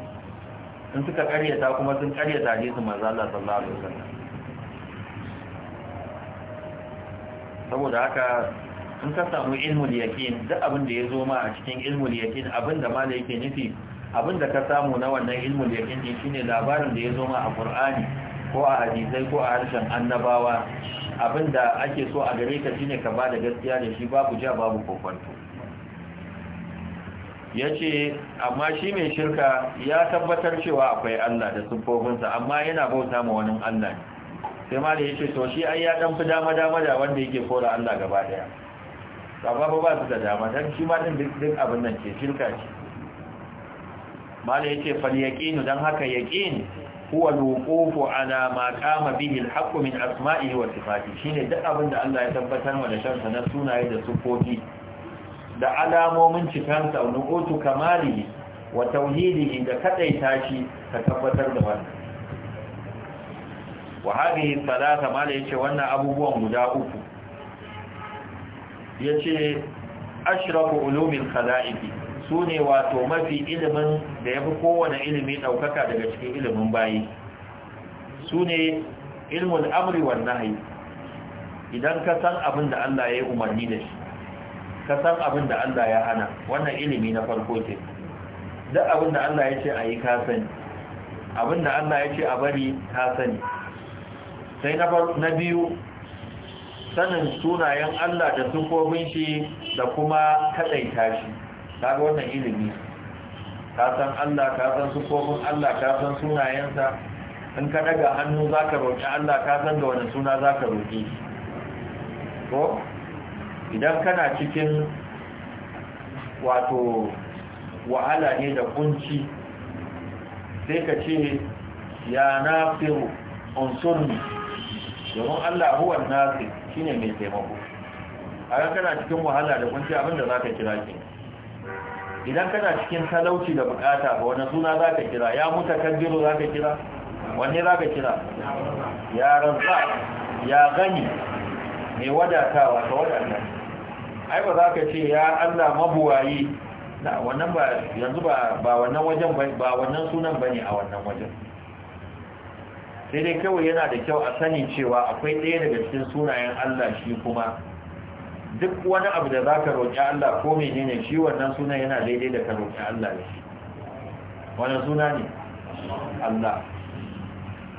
in suka ta kuma sun ta hadisi manzo Allah sallallahu alaihi wasallam saboda haka in ka samu ilmul yakin duk abin da ya zo ma a cikin ilmul yakin abin da mala yake nufi abin da ka samu na wannan ilmul yakin din shine labarin da ya zo ma a Qur'ani ko a hadisai ko a harshen annabawa abin da ake so a gare ka shine ka bada gaskiya da shi babu ja babu kokonto ya amma shi mai shirka ya tabbatar cewa akwai Allah da sunfofinsa amma yana bauta ma wani Allah sai ma da ya ce to shi ai ya dan fi dama dama da wanda yake kora Allah gaba daya amma ba ba su da dama don shi ma din duk abin nan ce shirka ce mala yace fal yaqinu dan haka yaqin huwa alwuqufu ala ma qama bihi alhaqqu min asma'ihi wa shine duk abin da Allah ya tabbatar wa da shansa na sunaye da sifofi da alamomin cikansa wa nuqutu wa tauhidihi da kaɗaita shi ka tabbatar da wannan wa hadhihi thalatha mala yace wannan abubuwan guda uku ya ce ashirafu ulumin khada'iki su ne wato mafi ilimin da ya fi kowane ilimi ɗaukaka daga cikin ilimin bayi su ne ilmul amri wa nahi idan ka san abin da Allah ya yi umarni da shi ka san abin da Allah ya hana wannan ilimi na farko ce duk abin da Allah ya ce a yi ka sani abin da Allah ya ce a bari ka sani sai na biyu sanin sunayen Allah da sufofin shi da kuma kadaita shi kaga wannan ilimi ka san Allah ka san sufofin Allah ka san sunayensa in ka daga hannu zaka roƙi Allah ka san da wani suna zaka roƙi ko idan kana cikin wato wahala ne da kunci sai ka ce ya nafiru unsurni domin Allah huwa nafiru shine mai taimako a kana cikin wahala da kunci abin da za ka kira ke idan kana cikin talauci da bukata ba wani suna za ka kira ya muta kaddiro za ka kira wani za ka kira ya rantsa ya gani mai wadatawa ka wadata ai ba za ka ce ya allah mabuwayi na wannan ba yanzu ba wannan wajen ba wannan sunan a wannan wajen sai dai kawai yana da kyau a sani cewa akwai ɗaya daga cikin sunayen Allah shi kuma duk wani abu da za ka roƙi Allah ko menene shi wannan suna yana daidai da ka roƙi Allah da shi wani suna ne Allah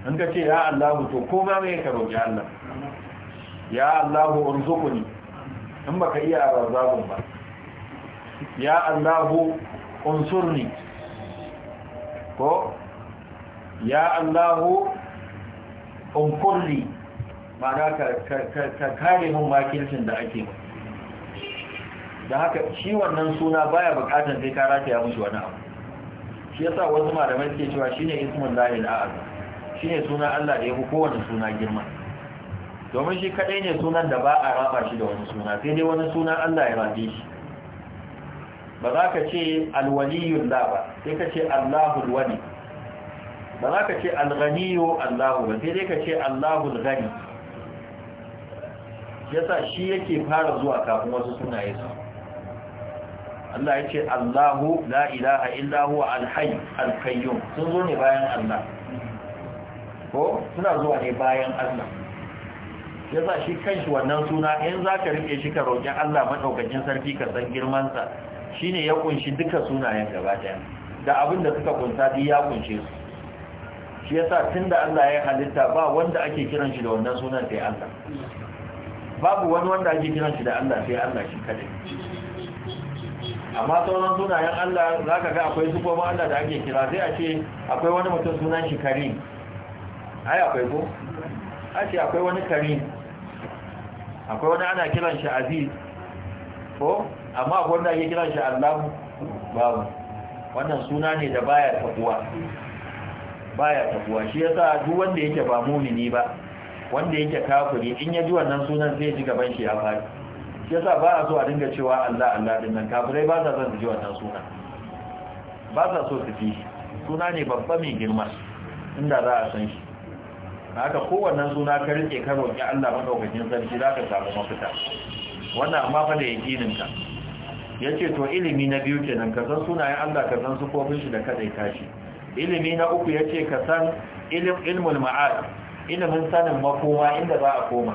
in ka ce ya Allah to koma mai ka roƙi Allah ya Allah ni. in baka iya razabun ba ya Allah unsurni ko ya Allah unkulli ma na ka kare mun makilcin da ake da haka shi wannan suna baya bukatar sai ka rataya mushi wani abu shi yasa wasu malamai suke cewa shine ismun lahil shi shine suna Allah da ya fi kowane suna girma domin shi kadai ne sunan da ba a raba shi da wani suna sai dai wani suna Allah ya rabe shi ba za ka ce alwaliyun la ba sai ka ce Allahul wali ba za ka ce alghaniyo allahu ba sai dai ka ce allahu alghani yasa shi yake fara zuwa kafin wasu sunaye su Allah ya ce Allahu la ilaha illa huwa alhayy alqayyum sun zo ne bayan Allah ko suna zuwa ne bayan Allah yasa shi kanshi wannan suna in zaka rike shi ka roki Allah madaukakin sarki ka san girman sa shine ya kunshi duka sunayen gaba daya da abin da suka kunsa duk ya kunshe su shi yasa tunda Allah ya halitta ba wanda ake kiran shi da wannan sunan sai Allah babu wani wanda ake kiran shi da Allah sai Allah shi kadai amma sauran sunayen Allah zaka ga akwai su kuma Allah da ake kira sai a ce akwai wani mutum sunan shi Karim ai akwai ko a ce akwai wani Karim akwai wani ana kiran shi Aziz ko amma akwai wanda ake kiran shi Allah babu wannan suna ne da baya tabuwa baya tabuwa shi yasa duk wanda yake ba mumini ba wanda yake kafiri in ya ji wannan sunan zai ji gaban shi ya fari shi yasa ba a so a dinga cewa Allah Allah din nan kafirai ba sa son su ji wannan sunan ba sa so su ji suna ne babba mai girma inda za a san shi haka kowannen suna ka rike ka roƙi Allah madaukakin sarki za ka samu mafita wannan amma fa da yakinin ka yace to ilimi na biyu kenan ka san sunayen Allah ka san kofin shi da kadai tashi ilimi na uku ya ce ka san ilmul ma'ad ilimin sanin makoma inda za a koma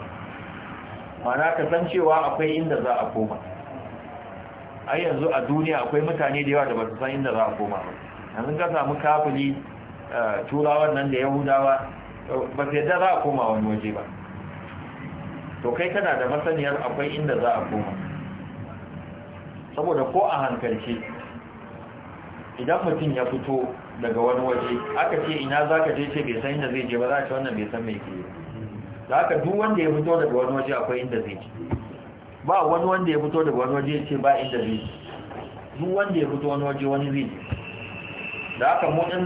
mana ka san cewa akwai inda za a koma ai yanzu a duniya akwai mutane da yawa da ba su san inda za a koma yanzu ka samu kafili eh, turawan nan da yahudawa ba su yadda za a koma wani waje ba to kai kana da masaniyar akwai inda za a koma saboda ko a hankalce idan mutum ya fito daga wani waje aka ce ina za ka je ce bai san inda zai je ba za a ce wannan bai san mai ke za ka duk wanda ya fito daga wani waje akwai inda zai ce ba wani wanda ya fito daga wani waje ya ce ba inda zai ce duk wanda ya fito wani waje wani zai ce da aka mu nan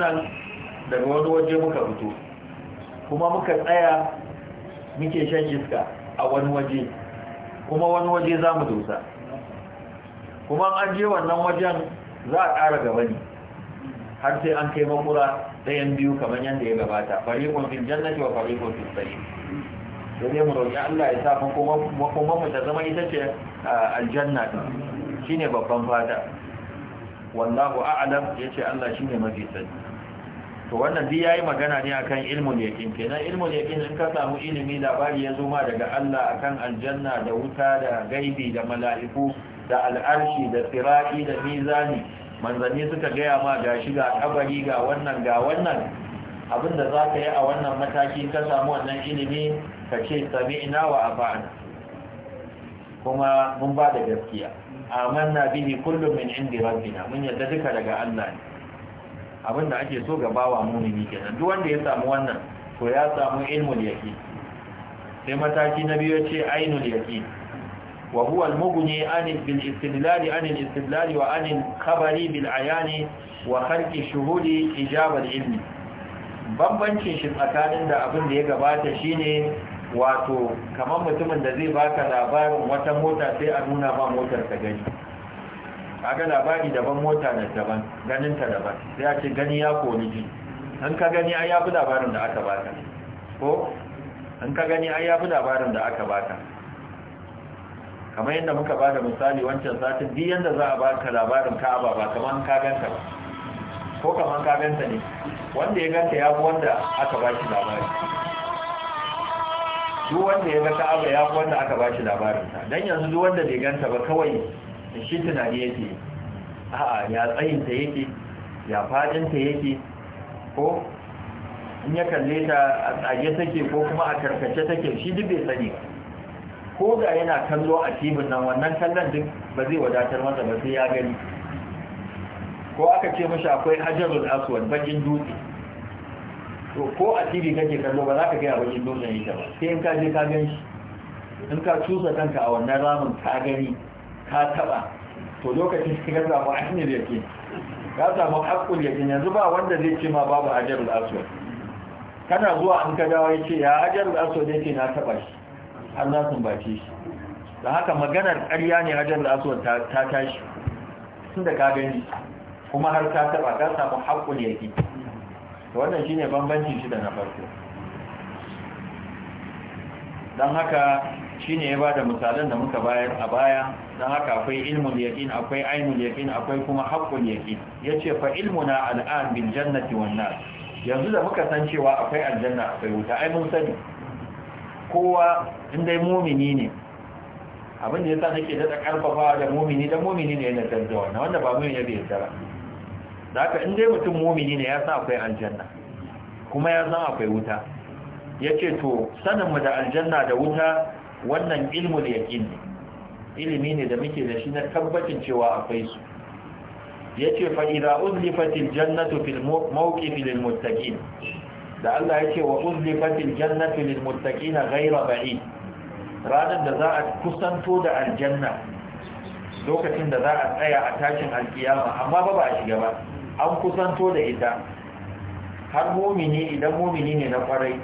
daga wani waje muka fito kuma muka tsaya muke shan iska a wani waje kuma wani waje za mu dosa kuma an je wannan wajen za a ƙara gaba ne har sai an kai makura ɗayan biyu kamar yadda ya gabata fariqun fil jannati wa fariqun fis sa'ir sai mu roƙi Allah ya sa kuma kuma mu ta zama ita ce ah, aljanna shine babban fata wallahu a'lam yace Allah shine mafi sani to wannan bi yayi magana ne akan ilmul yaqin kenan ilmul yaqin in ka samu ilimi labari ya zo ma daga Allah akan aljanna da wuta da gaibi da mala'iku da al'arshi da sirati da mizani manzanni suka gaya ma ga shi ga kabari ga wannan ga wannan abinda za ka yi a wannan mataki ka samu wannan ilimi ka ce sami ina wa aba'ana kuma mun ba da gaskiya manna bihi kullum min indi rabbina mun yadda duka daga Allah ne abinda ake so ga bawa mumini kenan duk wanda ya samu wannan to ya samu ilmul yaqin sai mataki na biyu ce ainul yaqin وهو المغني عن بالاستدلال عن kabari وعن الخبر بالعيان وخلق الشهود إجابة العلم bambancin shi tsakanin da abin da ya gabata shine wato kamar mutumin da zai baka labarin wata mota sai a nuna ma motar ka gani kaga labari daban mota na daban ganin ta daban sai a ce gani ya koli ji an ka gani ai yafi labarin da aka baka ko an ka gani ai yafi labarin da aka baka kamar yadda muka ba da misali wancan satin duk yadda za a baka labarin ka'aba ba kamar ka ganta ba ko kamar ka ganta ne wanda ya ganta ya fi wanda aka ba shi labarin duk wanda ya ga ka'aba ya fi wanda aka ba shi labarin ta don yanzu duk wanda bai ganta ba kawai shi tunani yake a'a ya tsayin ta yake ya fadinta ta yake ko in ya kalle ta a tsage take ko kuma a karkace take shi duk bai sani ba ko da yana kallo a tibin nan wannan kallon din ba zai wadatar masa ba sai ya gani ko aka ce mashi akwai hajarul aswad bakin dutse to ko a tibi kake kallo ba za ka gaya bakin ne ta ba sai in ka je ka gan shi in ka cusa kanka a wannan ramin ka gani ka taba to lokacin ka samu ainihin yake ka samu haƙƙul yake yanzu ba wanda zai ce ma babu hajarul aswad kana zuwa an ka dawo ya ce ya hajarul aswad yake na taba shi har za su bace shi da haka maganar ƙarya ne hajjar da asuwar ta tashi sun da ka gani kuma har ta taɓa ta samu haƙƙun yaƙi wannan shi ne bambancin shi da na farko don haka shi ne ya ba da misalin da muka bayar a baya don haka akwai ilmul yaƙin akwai ainul yaƙin akwai kuma haƙƙun yaƙin ya ce fa ilmuna al'an jannati wannan yanzu da muka san cewa akwai aljanna akwai wuta ai mun sani kowa inda mumini ne abin da ya sa nake daɗa karfafawa da mumini da mumini ne na canza wannan wanda ba mumini ya tara da haka inda mutum mumini ne ya san akwai aljanna kuma ya san akwai wuta yace ce to mu da aljanna da wuta wannan ilmul yaƙin ne ilimi ne da muke da shi na tabbacin cewa akwai su yace ce fa'ira uzlifatil jannatu fil mawqifil muttaqin da Allah ya ce wa uzlifatil jannatu lil muttaqina ghayra ba'id ranar da za a kusanto da aljanna lokacin da za a tsaya a tashin alkiyama amma ba ba a shiga ba an kusanto da ita har mumini idan mumini ne na kwarai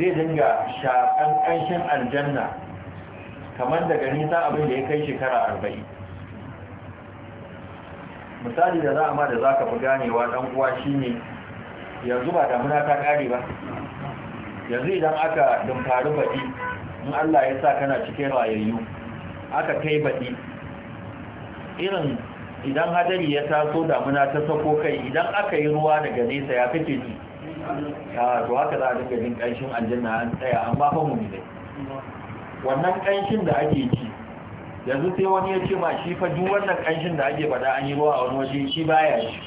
zai dinga shaƙan ƙanshin aljanna kamar daga nisa abin da ya kai shekara arba'in misali da za a ma da za ka fi ganewa ɗan uwa shine yanzu ba damuna ta kare ba yanzu idan aka dumfari baɗi in Allah ya sa kana cikin rayayyu aka kai baɗi irin idan hadari ya taso damuna ta sako kai idan aka yi ruwa daga nesa ya kake ji to haka za a dinga jin ƙanshin aljanna an tsaya an ba famu ne wannan ƙanshin da ake ji yanzu sai wani ya ce ma shi fa duk wannan ƙanshin da ake bada an yi ruwa a wani waje shi baya shi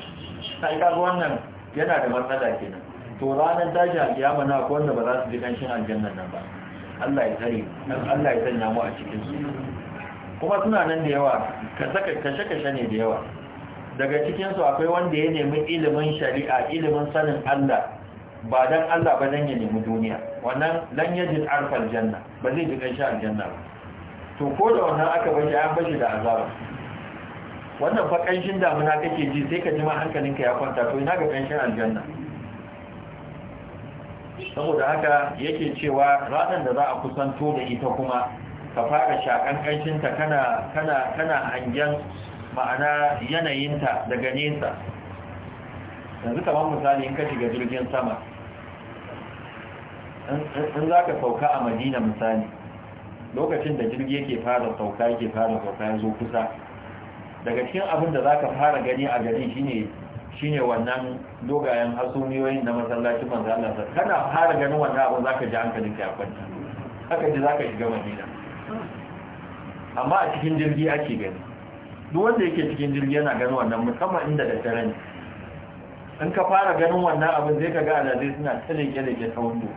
sai ka wannan yana da matsala kenan to ranar tashi alkiyama na akwai wanda ba za su ji kanshin aljannan nan ba Allah ya tare Allah ya sanya mu a cikin su kuma suna nan da yawa kashe-kashe ne da yawa daga cikin su akwai wanda ya nemi ilimin shari'a ilimin sanin Allah ba dan Allah ba dan ya nemi duniya wannan lan yajid arfal janna ba zai ji kanshin aljanna ba to ko da wannan aka bashi an bashi da azaba wannan fa kanshin damuna kake ji sai ka ji ma ka ya kwanta to ina ga kanshin aljanna saboda haka yake cewa ranar da za a kusanto da ita kuma ka fara shakan kanshinta kana kana kana hangen ma'ana yanayinta daga nesa yanzu kamar misali in ka shiga jirgin sama in za ka sauka a madina misali lokacin da jirgi yake fara sauka yake fara sauka ya zo kusa daga cikin abin da za ka fara gani a gari shi ne wannan dogayen hasumiyoyin na masallacin manzo Allah sa kana fara ganin wannan abin za ka ji hankalin ka ya kwanta haka ji za ka shiga Madina amma a cikin jirgi ake gani duk wanda yake cikin jirgi yana ganin wannan musamman inda da dare ne in ka fara ganin wannan abin zai ka ga zai suna tsaleke da ta saundo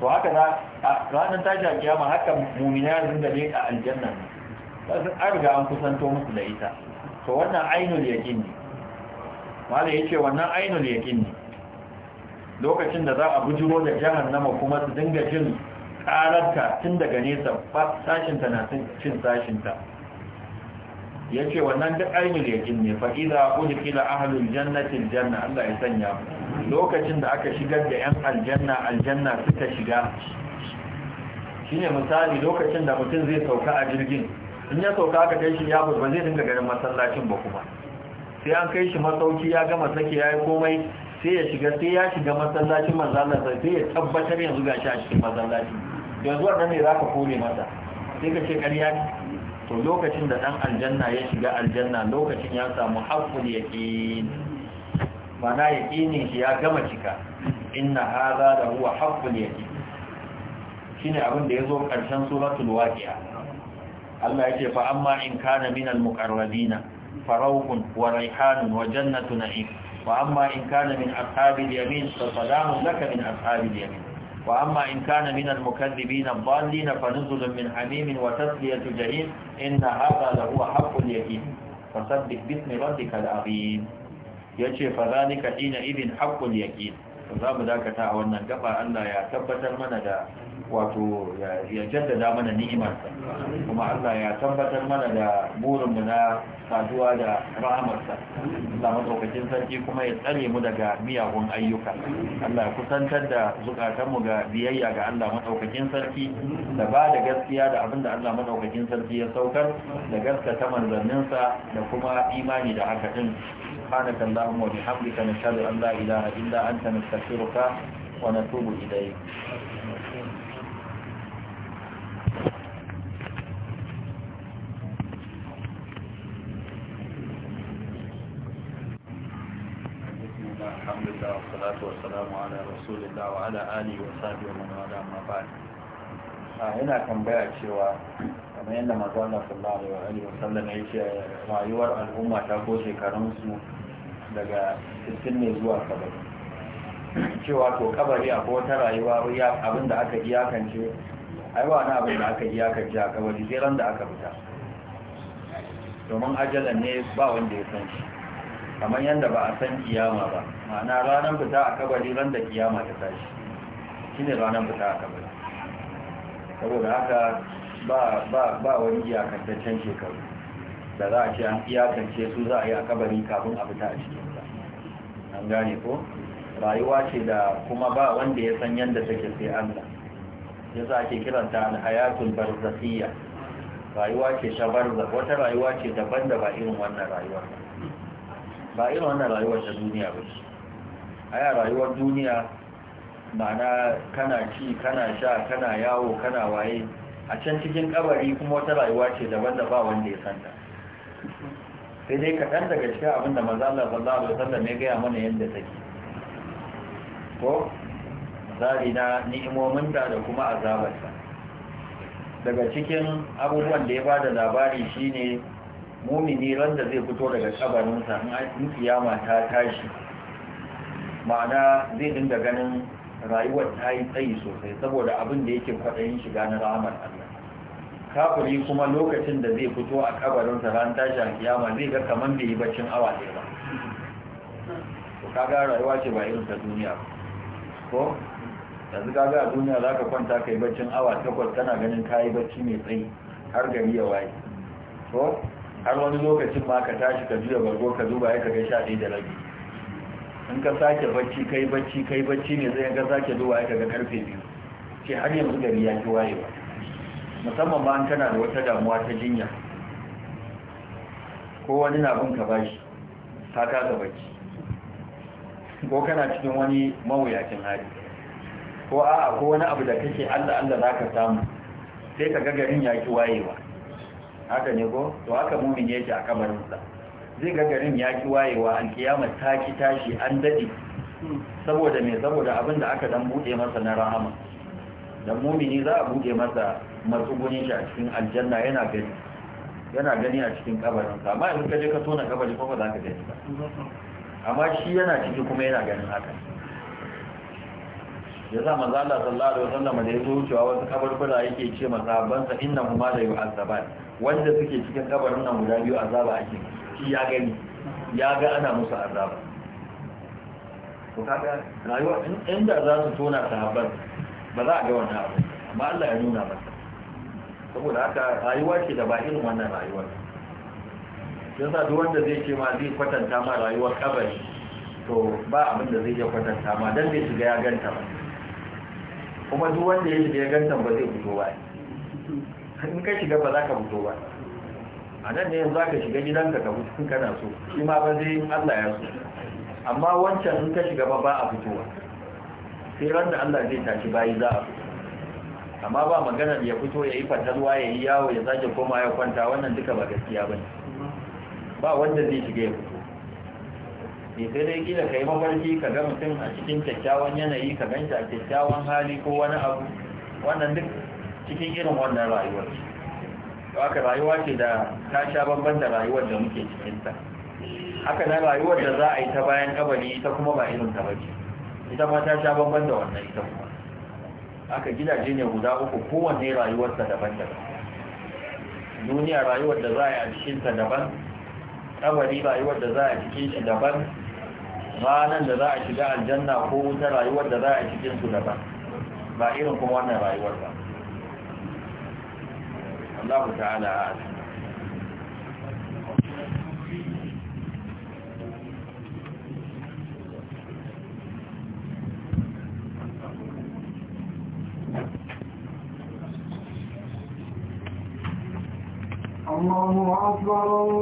to haka za a ranar tashi a kiyama haka mumina zinda ne a aljanna ne an riga an kusanto musu da ita to wannan ainul yakin ne malai yake wannan ainul yakin ne lokacin da za a bujiro da jahannama kuma su dinga jin ƙararta tun daga nesa ba sashinta na cin sashinta ya ce wannan duk ainihin yakin ne fa'iza kuji kila ahalun jannatin janna Allah ya sanya lokacin da aka shigar da ‘yan aljanna aljanna suka shiga shi ne misali lokacin da mutum zai sauka a jirgin in ya sauka aka kai shi ya ba zai dinga ganin masallacin ba kuma sai an kai shi masauki ya gama sake ya yi komai sai ya shiga sai ya shiga masallacin manzana sai ya tabbatar yanzu ga shi a cikin masallaci yanzu nan ne za ka kone masa sai ka ce ƙarya ne to lokacin da ɗan aljanna ya shiga aljanna lokacin ya samu haƙƙul yaƙini mana yaƙinin shi ya gama cika inna haza da huwa haƙƙul yaƙini shine abin da ya zo ƙarshen suratul waƙiya Allah yake fa amma in kana minal muqarrabina farawqun wa rayhanun wa jannatu na'im wa amma in kana min ashabil yamin fa salamun laka min ashabil yamin wa amma in kana minal mukaththibin ad-dallin fa nuzulun min hamim wa tasliyatu jahim inna hadha lahuwa haqqul yaqin fasabbih bismi rabbikal azim yace fa zalika dina idin haqqul yaqin za mu dakata a wannan gaba Allah ya tabbatar mana da wato ya jaddada mana ni'imarsa kuma Allah ya tabbatar mana da burin mu na saduwa da rahamarsa Allah madaukakin sarki kuma ya tsare mu daga miyagun ayyuka Allah ya kusantar da zukatanmu ga biyayya ga Allah madaukakin sarki da ba da gaskiya da abinda Allah madaukakin sarki ya saukar da gaskata sa da kuma imani da haka din سبحانك اللهم وبحمدك نشهد أن لا إله إلا أنت نستغفرك ونتوب إليك Salatu والصلاة والسلام ala رسول wa وعلى wa وصحبه ومن والاه ما A ina tambaya cewa kamar yadda mazana sallallahu alaihi wa sallam ya ce rayuwar al'umma ta ko shekarun su daga 60 ne zuwa 70 cewa to kabari a ko ta rayuwa abinda aka iyakance ai ba na abinda aka iyakance a kabari sai ran da aka fita domin ajalan ne ba wanda ya san shi kamar yadda ba a san kiyama ba ma'ana ranar fita a kabari ran da kiyama ta tashi shi ne ranar fita a kabari saboda haka ba wani iyakantaccen shekaru da za a ce an iyakance su za a yi a kabari kafin a fita a cikinsa an gane ko rayuwa ce da kuma ba wanda ya san yadda take sai allah ya za ake kiranta alhayatul barzakhiyya rayuwa ce ta barza wata rayuwa ce daban da ba irin wannan rayuwar ba ba irin wannan rayuwar ta duniya ba ce aya rayuwar duniya ma'ana kana ci kana sha kana yawo kana waye a can cikin kabari kuma wata rayuwa ce daban da ba wanda ya santa sai dai kaɗan daga cikin abin da maza Allah sallallahu alaihi wasallam ya gaya mana yadda take ko Zari na ni'imomin da da kuma azabarsa daga cikin abubuwan da ya ba da labari shine mumini randa zai fito daga kabarinsa in kiyama ta tashi ma'ana zai dinga ganin rayuwar ta yi tsayi sosai saboda abin da yake kwaɗayin shiga na rahamar Allah kafiri kuma lokacin da zai fito a kabarinsa ran tashi a kiyama zai ga kamar bai yi baccin awa ɗaya ba To kaga rayuwa ce ba irin ta duniya ko yanzu kaga a duniya za ka kwanta kai baccin awa takwas kana ganin kayi bacci mai tsayi har gari ya waye ko har wani lokacin ma ka tashi ka juya bargo ka zuba ya kaga sha ɗaya da rabi in ka sake bacci kai bacci kai bacci ne zai ka sake zuwa ya kaga karfe biyu ce har yanzu gari ya ki waye ba musamman ma an tana da wata damuwa ta jinya ko wani na bin ka bashi ta kasa bacci ko kana cikin wani mawuyacin hali ko a'a ko wani abu da kake Allah Allah za ka samu sai ka ga garin ya ki wayewa haka ne ko to haka mumin yake a kamarinsa zai ga garin ya ki wayewa kiyama ta ki tashi an dadi saboda me saboda abin da aka dan bude masa na rahama dan mumini za a bude masa matsugunin shi a cikin aljanna yana gani yana gani a cikin kabarin sa amma in ka je ka tona kabari ko ba za ka gani ba amma shi yana ciki kuma yana ganin haka ya sa manzo Allah sallallahu alaihi wasallam da ya zo wucewa wasu kaburbura yake ce masahabansa innahuma da yu'azzaban wanda suke cikin kabarin nan guda biyu azaba ake shi ya gani ya ga ana musu azaba to kaga rayuwa inda za su tona sahabban ba za a ga wannan abu amma Allah ya nuna masa saboda haka rayuwa ce da ba irin wannan rayuwar sa duk wanda zai ce ma zai kwatanta ma rayuwar kabari to ba abin da zai iya kwatanta ma dan bai shiga ya ganta ba kuma duk wanda ya shiga ya ganta ba zai fito ba in ka shiga ba za ka fito ba a nan ne za ka shiga gidanka ka mutu kana so shi ma ba zai Allah ya so amma wancan in kai shiga ba ba a ba. sai ran da Allah zai tashi bayi za a fito amma ba magana ya fito ya yi fatalwa ya yi yawo ya zage koma ya kwanta wannan duka ba gaskiya ba ba wanda zai shiga ya fito ne sai dai kila ka yi mafarki ka ga mutum a cikin kyakkyawan yanayi ka ganta a kyakkyawan hali ko wani abu wannan duk cikin irin wannan rayuwar haka rayuwa ce da ta sha bamban da rayuwar da muke cikinta haka na rayuwar da za a yi ta bayan kabari ita kuma ba irin ta bace ita ma ta sha bamban da wannan ita kuma haka gidaje ne guda uku kowanne rayuwarsa daban-daban duniya rayuwar da za a yi a cikin ta daban kabari rayuwar da za a cikin shi daban ranar da za a shiga aljanna ko wuta rayuwar da za a cikin su daban ba irin kuma wannan rayuwar ba الله تعالى أعلم الله أكبر